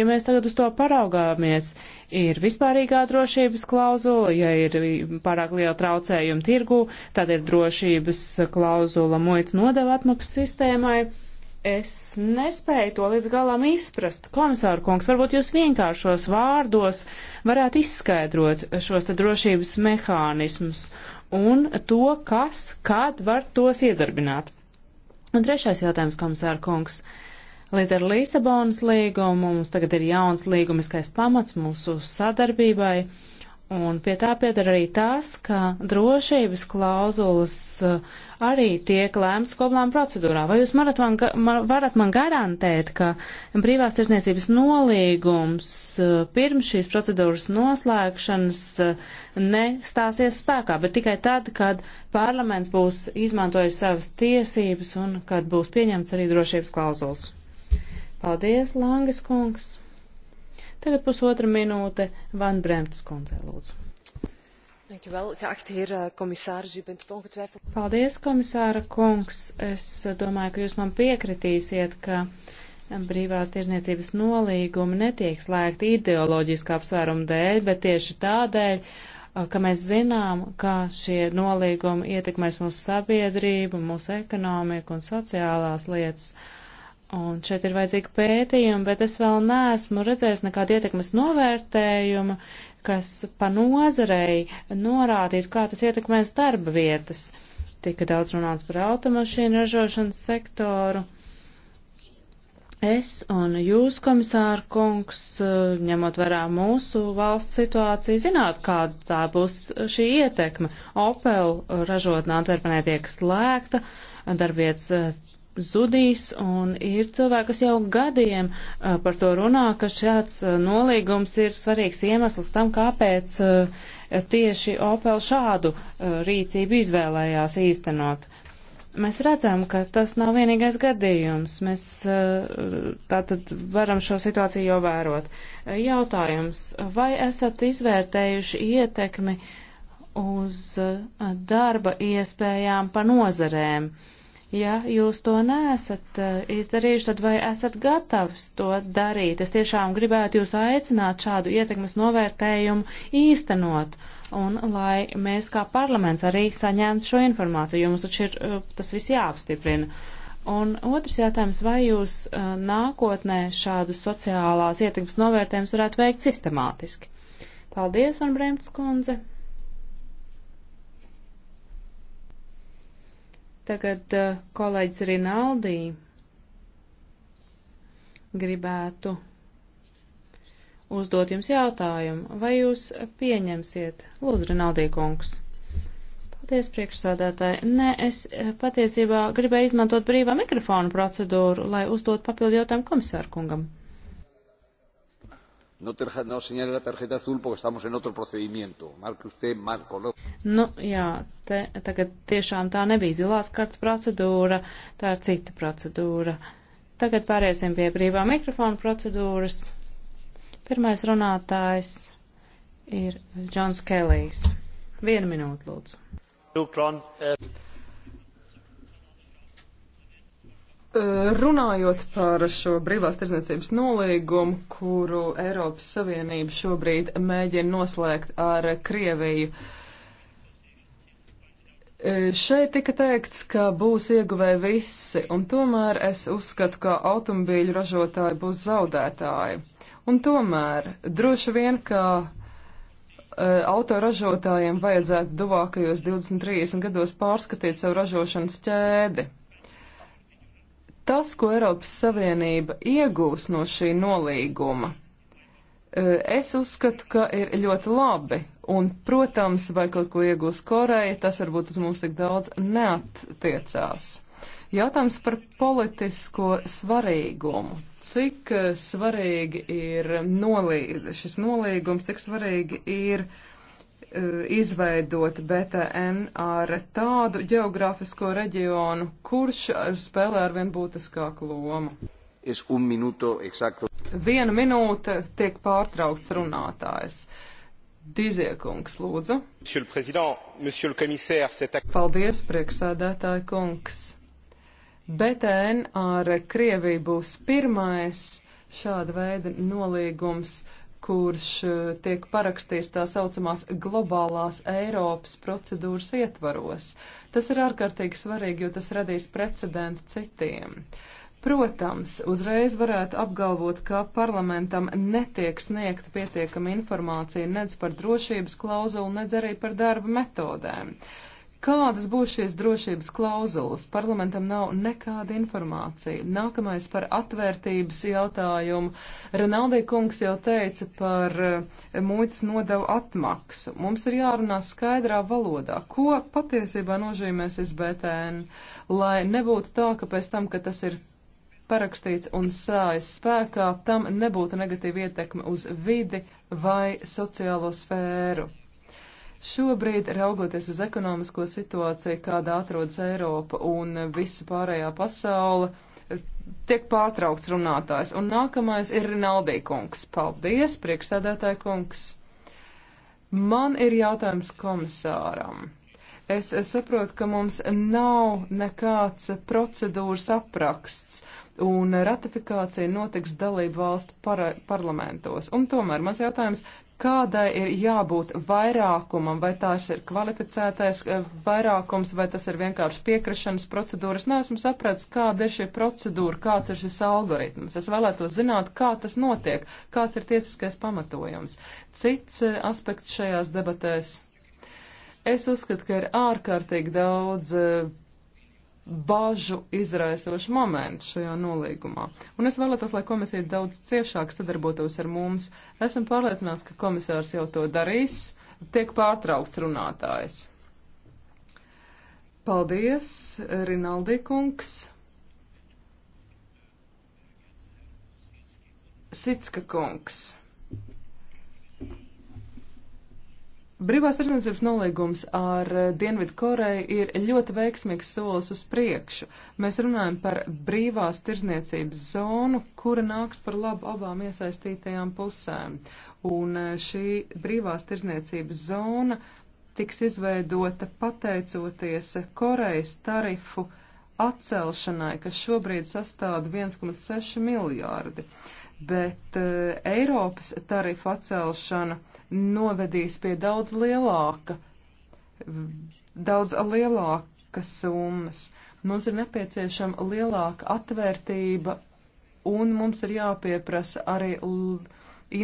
Ja mēs tagad uz to paraugāmies, ir vispārīgā drošības klauzula, ja ir pārāk liela traucējuma tirgu, tad ir drošības klauzula muitas nodeva atmaksas sistēmai. Es nespēju to līdz galam izprast. Komisāra kungs, varbūt jūs vienkāršos vārdos varētu izskaidrot šos te drošības mehānismus un to, kas, kad var tos iedarbināt. Un trešais jautājums, komisāra kungs. Līdz ar Lisabonas līgumu mums tagad ir jauns līgumiskais pamats mūsu sadarbībai, un pie tā piedara arī tas, ka drošības klauzulas uh, arī tiek lēmts koblām procedūrā. Vai jūs varat man, varat man garantēt, ka brīvās tirsniecības nolīgums uh, pirms šīs procedūras noslēgšanas uh, nestāsies spēkā, bet tikai tad, kad parlaments būs izmantojis savas tiesības un kad būs pieņemts arī drošības klauzuls? Paldies, Langas kungs! Tagad pusotra minūte Van Bremtas kundzei lūdzu. Eh, Paldies, komisāra kungs. Es eh, domāju, ka jūs man piekritīsiet, ka brīvās tirzniecības nolīgumi netiek slēgti ideoloģiska apsvēruma dēļ, bet tieši tādēļ, eh, ka mēs zinām, ka šie nolīgumi ietekmēs mūsu sabiedrību, mūsu ekonomiku un sociālās lietas. Un šeit ir vajadzīgi pētījumi, bet es vēl neesmu redzējis nekādu ietekmes novērtējumu, kas pa nozarei norādītu, kā tas ietekmēs darba vietas. Tika daudz runāts par automašīnu ražošanas sektoru. Es un jūs, komisāra kungs, ņemot vērā mūsu valsts situāciju, zināt, kāda tā būs šī ietekme. Opel ražotnā atverpenē tiek slēgta, darbietas zudīs, un ir cilvēki, kas jau gadiem par to runā, ka šāds nolīgums ir svarīgs iemesls tam, kāpēc tieši Opel šādu rīcību izvēlējās īstenot. Mēs redzam, ka tas nav vienīgais gadījums. Mēs tātad varam šo situāciju jau vērot. Jautājums, vai esat izvērtējuši ietekmi uz darba iespējām pa nozarēm? Uh, Ja jūs to neesat izdarījuši, eh, tad vai esat gatavs to darīt? Es tiešām gribētu jūs aicināt šādu ietekmes novērtējumu īstenot, un lai mēs kā parlaments arī saņemtu šo informāciju, jo mums taču ir eh, tas viss jāapstiprina. Un otrs jautājums, vai jūs eh, nākotnē šādus sociālās ietekmes novērtējumus varētu veikt sistemātiski? Paldies, Van Bremts kundze! Tagad eh, kolēģis Rinaldī gribētu uzdot jums jautājumu, vai jūs pieņemsiet, lūdzu, Rinaldī kungs. Paldies, priekšsādātāji. Nē, es eh, patiesībā gribēju izmantot brīvā mikrofonu procedūru, lai uzdot papildu jautājumu komisāru kungam. No, terja, no señale la tarjeta azul, porque estamos en otro procedimiento. Marque usted, Marko Lopes. Nu, jā, te, tagad tiešām tā nebija zilās kartas procedūra, tā ir cita procedūra. Tagad pāriesim pie brīvā mikrofona procedūras. Pirmais runātājs ir Džons Kelijs. Vienu minūtu, lūdzu. Eh, Eh, runājot par šo brīvās tirdzniecības nolīgumu, kuru Eiropas Savienība šobrīd mēģina noslēgt ar Krieviju, eh, šeit tika teikts, ka būs ieguvēji visi, un tomēr es uzskatu, ka automobīļu ražotāji būs zaudētāji. Un tomēr droši vien, ka eh, autoražotājiem vajadzētu tuvākajos 20-30 gados pārskatīt savu ražošanas ķēdi Tas, ko Eiropas Savienība iegūs no šī nolīguma, e, es uzskatu, ka ir ļoti labi. Un, protams, vai kaut ko iegūs Koreja, tas varbūt uz mums tik daudz neattiecās. Jautājums par politisko svarīgumu. Cik e, svarīgi ir nolī šis nolīgums, cik svarīgi ir uh, Eh, izveidot BTN ar tādu geogrāfisko reģionu, kurš spēlē arvien būtiskāku lomu. Viena minūte tiek pārtraukts runātājs. Diziekungs, lūdzu. Paldies, priekšsēdētāja kungs. BTN ar Krieviju būs pirmais šāda veida nolīgums, kurš eh, tiek parakstīts tā saucamās globālās Eiropas procedūras ietvaros. Tas ir ārkārtīgi svarīgi, jo tas radīs precedentu citiem. Protams, uzreiz varētu apgalvot, ka parlamentam netiek sniegta pietiekama informācija nedz par drošības klauzulu, nedz arī par darba metodēm. Uh, Kādas būs šīs drošības klauzulas? Parlamentam nav nekāda informācija. Nākamais par atvērtības jautājumu. Renaldī kungs jau teica par eh, muitas nodevu atmaksu. Mums ir jārunā skaidrā valodā, ko patiesībā nozīmēs SBTN, lai nebūtu tā, ka pēc tam, kad tas ir parakstīts un sājas spēkā, tam nebūtu negatīva ietekme uz vidi vai sociālo sfēru. Šobrīd, raugoties uz ekonomisko situāciju, kādā atrodas Eiropa un visa pārējā pasaule, tiek pārtraukts runātājs. Un nākamais ir Rinaldī kungs. Paldies, priekšsēdētāji kungs. Man ir jautājums komisāram. Es, es saprotu, ka mums nav nekāds procedūras apraksts, un ratifikācija notiks dalību valstu par parlamentos. Un tomēr mans jautājums, kādai ir jābūt vairākumam, vai tās ir kvalificētais eh, vairākums, vai tas ir vienkārši piekrišanas procedūras. Nē, esmu sapratis, kāda ir šī procedūra, kāds ir šis algoritms. Es vēlētos zināt, kā tas notiek, kāds ir tiesiskais pamatojums. Cits eh, aspekts šajās debatēs. Es uzskatu, ka ir ārkārtīgi daudz eh, bažu izraisošu momentu šajā nolīgumā. Un es vēlētos, lai komisija daudz ciešāk sadarbotos ar mums. Esmu pārliecināts, ka komisārs jau to darīs. Tiek pārtraukts runātājs. Paldies, Rinaldī kungs. Sitska kungs. Brīvās tirdzniecības nolīgums ar eh, Dienvidu Koreju ir ļoti veiksmīgs solis uz priekšu. Mēs runājam par brīvās tirdzniecības zonu, kura nāks par labu abām iesaistītajām pusēm. Un eh, šī brīvās tirdzniecības zona tiks izveidota pateicoties Korejas tarifu atcelšanai, kas šobrīd sastāv 1,6 miljārdi. Bet uh, Eiropas tarifu atcelšana novedīs pie daudz lielāka, daudz lielākas summas. Mums ir nepieciešama lielāka atvērtība un mums ir jāpieprasa arī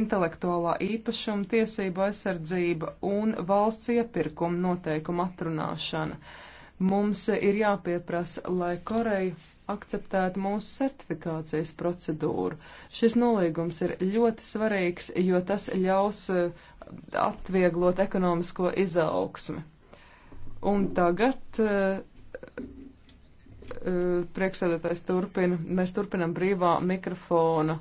intelektuālā īpašuma tiesība aizsardzība un valsts iepirkuma noteikuma atrunāšana. Mums ir jāpieprasa, lai Koreja akceptētu mūsu certifikācijas procedūru. Šis nolīgums ir ļoti svarīgs, jo tas ļaus eh, atvieglot ekonomisko izaugsmi. Un tagad eh, eh, priekšsēdētājs turpina, mēs turpinam brīvā mikrofona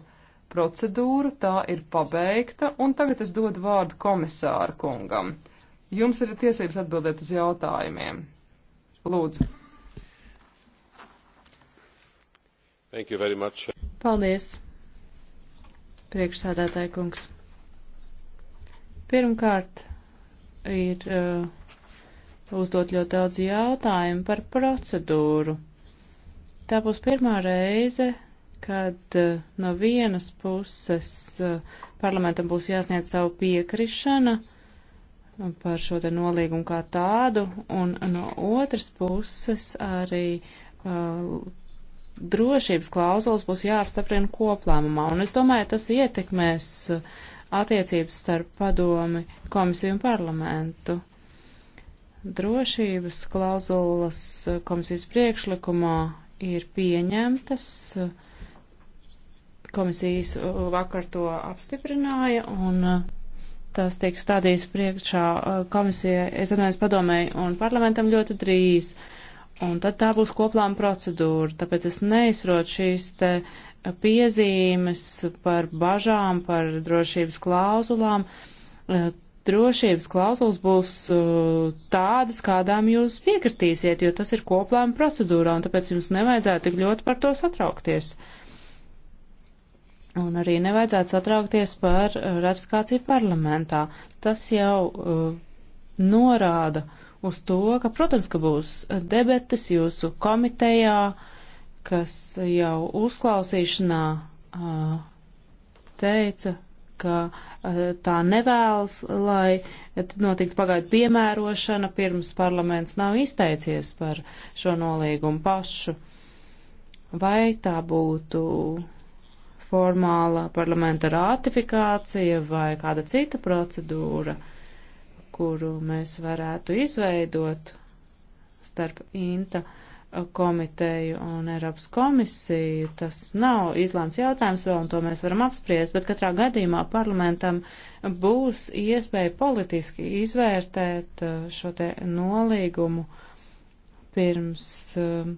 procedūru, tā ir pabeigta, un tagad es dodu vārdu komisāru kungam. Jums ir tiesības atbildēt uz jautājumiem. Lūdzu. Paldies, priekšsādātāja kungs. Pirmkārt, ir uh, uzdot ļoti daudz jautājumu par procedūru. Tā būs pirmā reize, kad uh, no vienas puses uh, parlamentam būs jāsniedz savu piekrišana par šo te nolīgumu kā tādu, un no otras puses arī uh, drošības klauzulas būs jāapstiprina koplēmumā, un es domāju, tas ietekmēs uh, attiecības starp padomi, komisiju un parlamentu. Drošības klauzulas uh, komisijas priekšlikumā ir pieņemtas. Uh, komisijas vakar to apstiprināja, un tas tiek stādīts priekšā komisijai, es atvainojos padomēju, un parlamentam ļoti drīz. Uh, Un tad tā būs koplām procedūra, tāpēc es neizprotu šīs te piezīmes par bažām, par drošības klauzulām. E, drošības klauzulas būs e, tādas, kādām jūs piekritīsiet, jo tas ir koplām procedūrā, un tāpēc jums nevajadzētu tik ļoti par to satraukties. Un arī nevajadzētu satraukties par e, ratifikāciju parlamentā. Tas jau norāda, uh, uz to, ka, protams, ka būs debetes jūsu komitejā, kas jau uzklausīšanā uh, teica, ka uh, tā nevēlas, lai notiktu pagaidu piemērošana, pirms parlaments nav izteicies par šo nolīgumu pašu. Vai tā būtu formāla parlamenta ratifikācija vai kāda cita procedūra? Uh, kuru mēs varētu izveidot starp INTA komiteju un Eiropas komisiju. Tas nav izlēms jautājums vēl, un to mēs varam apspriest, bet katrā gadījumā parlamentam būs iespēja politiski izvērtēt uh, šo te nolīgumu pirms um,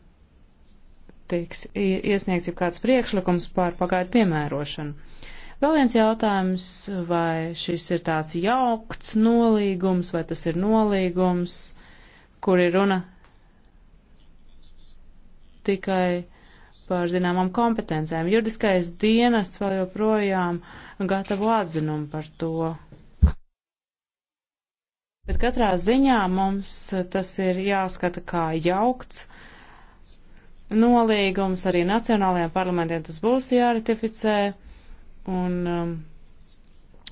tiks iesniegts jau kāds priekšlikums par pagaidu piemērošanu. Vēl viens jautājums, vai šis ir tāds jaukts nolīgums, vai tas ir nolīgums, kur ir runa tikai par zināmām kompetencēm. Juridiskais dienests vēl joprojām gatavo atzinumu par to. Bet katrā ziņā mums tas ir jāskata kā jaukts nolīgums, arī nacionālajiem parlamentiem tas būs jāratificē. Un um,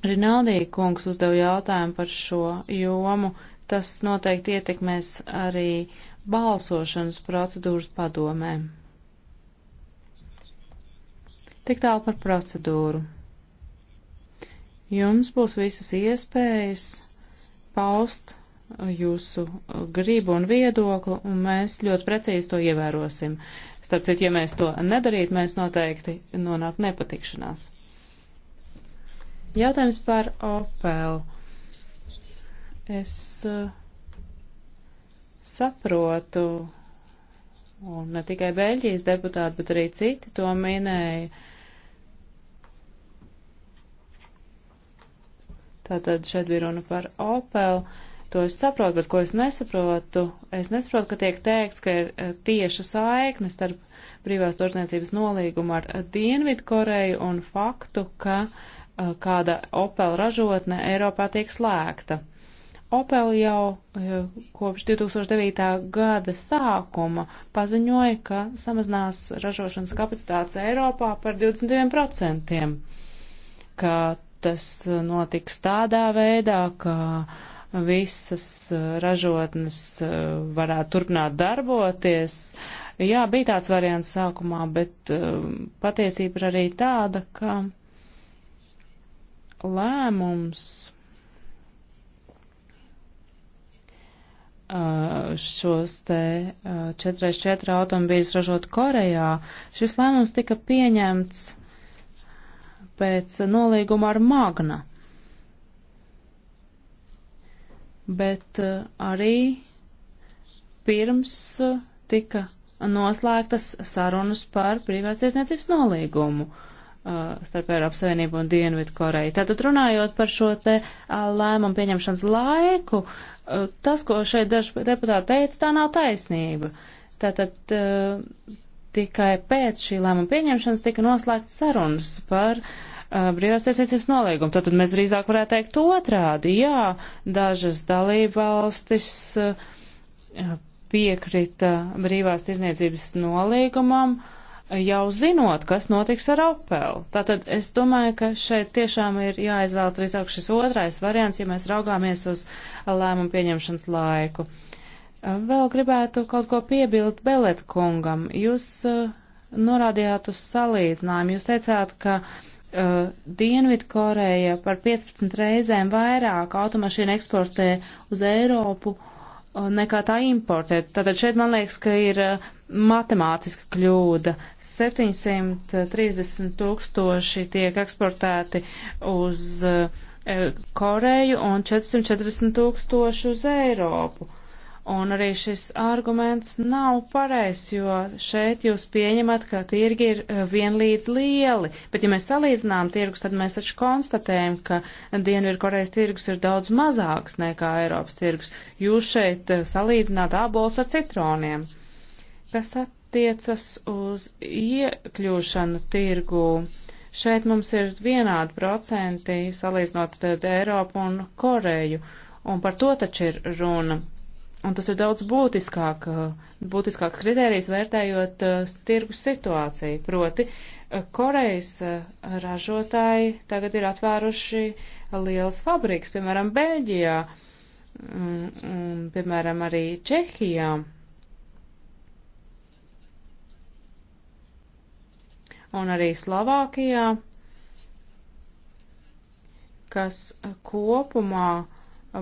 Rinaldī kungs uzdeva jautājumu par šo jomu. Tas noteikti ietekmēs arī balsošanas procedūras padomē. Tik tālu par procedūru. Jums būs visas iespējas paust jūsu gribu un viedokli, un mēs ļoti precīzi to ievērosim. Starp citu, ja mēs to nedarītu, mēs noteikti nonāktu nepatikšanās. Jautājums par Opel. Es uh, saprotu, un ne tikai Beļģijas deputāti, bet arī citi to minēja. Tātad šeit bija runa par Opel. To es saprotu, bet ko es nesaprotu, es nesaprotu, ka tiek teikts, ka ir eh, tieša saikne starp brīvās turdzniecības nolīgumu ar Dienvidu Koreju un faktu, ka uh, Uh, kāda Opel ražotne Eiropā tiek slēgta. Opel jau uh, kopš 2009. gada sākuma paziņoja, ka samazinās ražošanas kapacitātes Eiropā par 22%, ka tas uh, notiks tādā veidā, ka visas ražotnes varētu turpināt darboties. Jā, bija tāds variants sākumā, bet patiesība ir arī tāda, ka lēmums uh, šos te 4x4 uh, automobīļus ražot Korejā, šis lēmums tika pieņemts pēc nolīguma ar Magna. Bet uh, arī pirms tika noslēgtas sarunas par privās tiesniecības nolīgumu. Uh, Uh, starp Eiropas Savienību un Dienvidu Koreju. Tātad runājot par šo te uh, lēmumu pieņemšanas laiku, uh, tas, ko šeit daži deputāti teica, tā nav taisnība. Tātad tikai pēc šī lēmuma pieņemšanas tika noslēgts sarunas par brīvās tiesniecības nolīgumu. Tātad mēs drīzāk varētu teikt otrādi. Jā, dažas dalībvalstis piekrita brīvās tiesniecības nolīgumam. Uh, jau zinot, kas notiks ar Opelu. Tātad es domāju, ka šeit tiešām ir jāizvēlas drīzāk šis otrais variants, ja mēs raugāmies uz lēmumu pieņemšanas laiku. Vēl gribētu kaut ko piebilst Belet kungam. Jūs uh, norādījāt uz salīdzinājumu. Jūs teicāt, ka uh, Dienvidkoreja par 15 reizēm vairāk automašīnu eksportē uz Eiropu uh, nekā tā importē. Tātad šeit man liekas, ka ir uh, matemātiska kļūda. 730 tūkstoši tiek eksportēti uz eh, Koreju un 440 tūkstoši uz Eiropu. Un arī šis arguments nav pareizs, jo šeit jūs pieņemat, ka tirgi ir eh, vienlīdz lieli, bet ja mēs salīdzinām tirgus, tad mēs taču konstatējam, ka Dienvidkorejas tirgus ir daudz mazāks nekā Eiropas tirgus. Jūs šeit eh, salīdzināt ābols ar citroniem. Kas attiecas uz iekļūšanu tirgū, šeit mums ir vienādi procenti salīdzinot tad Eiropu un Koreju, un par to taču ir runa. Un tas ir daudz būtiskāk, būtiskāks kritērijs vērtējot uh, eh, tirgus situāciju. Proti, uh, Korejas uh, ražotāji tagad ir atvēruši lielas fabrikas, piemēram, Beļģijā, un, um, un, piemēram, arī Čehijā. Uh, un arī Slovākijā, kas kopumā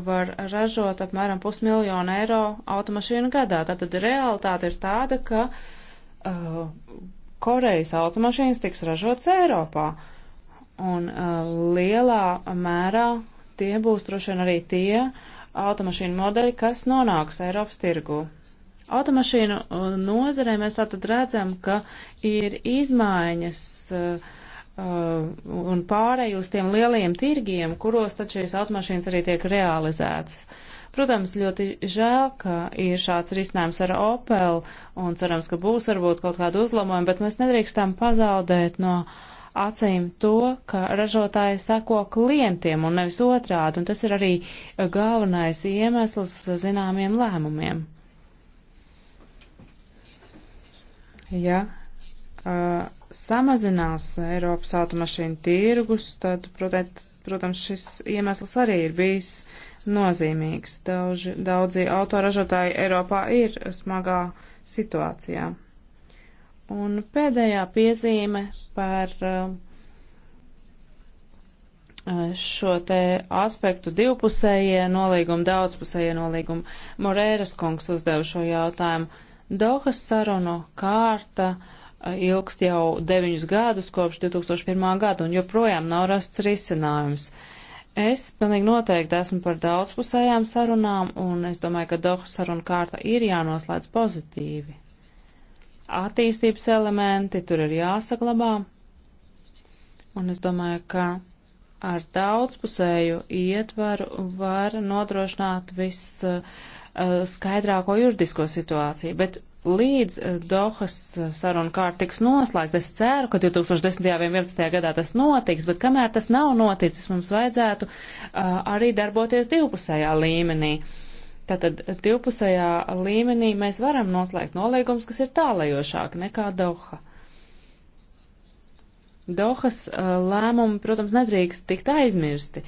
var ražot apmēram pusmiljonu eiro automašīnu gadā. Tātad realitāte ir tāda, ka uh, Korejas automašīnas tiks ražotas Eiropā. Un uh, lielā mērā tie būs droši vien arī tie automašīnu modeļi, kas nonāks Eiropas tirgū. Automašīnu nozarē mēs tātad redzam, ka ir izmaiņas uh, uh, un pārēj uz tiem lielajiem tirgiem, kuros tad šīs automašīnas arī tiek realizētas. Protams, ļoti žēl, ka ir šāds risinājums ar Opel, un cerams, ka būs varbūt kaut kāda uzlabojuma, bet mēs nedrīkstam pazaudēt no acīm to, ka ražotāji seko klientiem un nevis otrādi, un tas ir arī galvenais iemesls zināmiem lēmumiem. Ja uh, samazinās Eiropas automašīnu tirgus, tad, protams, šis iemesls arī ir bijis nozīmīgs. Daudzi, daudzi autoražotāji Eiropā ir smagā situācijā. Un pēdējā piezīme par šo te aspektu divpusējie nolīgumi, daudzpusējie nolīgumi. Morēras kungs uzdeva šo jautājumu. Dohas sarunu kārta eh, ilgst jau deviņus gadus kopš 2001. gada un joprojām nav rasts risinājums. Es pilnīgi noteikti esmu par daudzpusējām sarunām un es domāju, ka Dohas sarunu kārta ir jānoslēdz pozitīvi. Attīstības elementi tur ir jāsaglabā un es domāju, ka ar daudzpusēju ietvaru var nodrošināt viss uh, Uh, skaidrāko juridisko situāciju, bet līdz uh, Dohas uh, saruna kārta tiks noslēgta. Es ceru, ka 2010. un 2011. gadā tas notiks, bet kamēr tas nav noticis, mums vajadzētu uh, arī darboties divpusējā līmenī. Tātad divpusējā līmenī mēs varam noslēgt nolīgums, kas ir tālajošāk nekā Doha. Dohas uh, lēmumi, protams, nedrīkst tikt aizmirsti,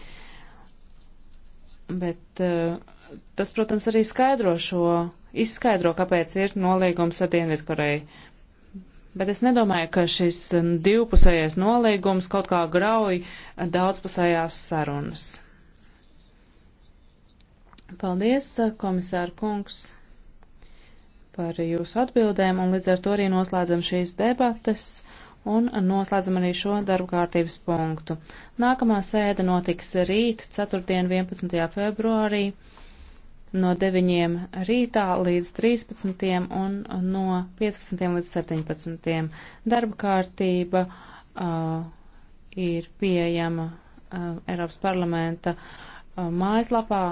bet uh, tas, protams, arī skaidro šo, izskaidro, kāpēc ir nolīgums ar Dienvidkoreju. Bet es nedomāju, ka šis divpusējais nolīgums kaut kā grauj daudzpusējās sarunas. Paldies, komisāra kungs, par jūsu atbildēm, un līdz ar to arī noslēdzam šīs debates un noslēdzam arī šo darbu kārtības punktu. Nākamā sēde notiks rīt, ceturtdien, 11. februārī no 9 rītā līdz 13 un no 15 līdz 17. Darba kārtība uh, ir pieejama uh, Eiropas parlamenta uh, mājaslapā.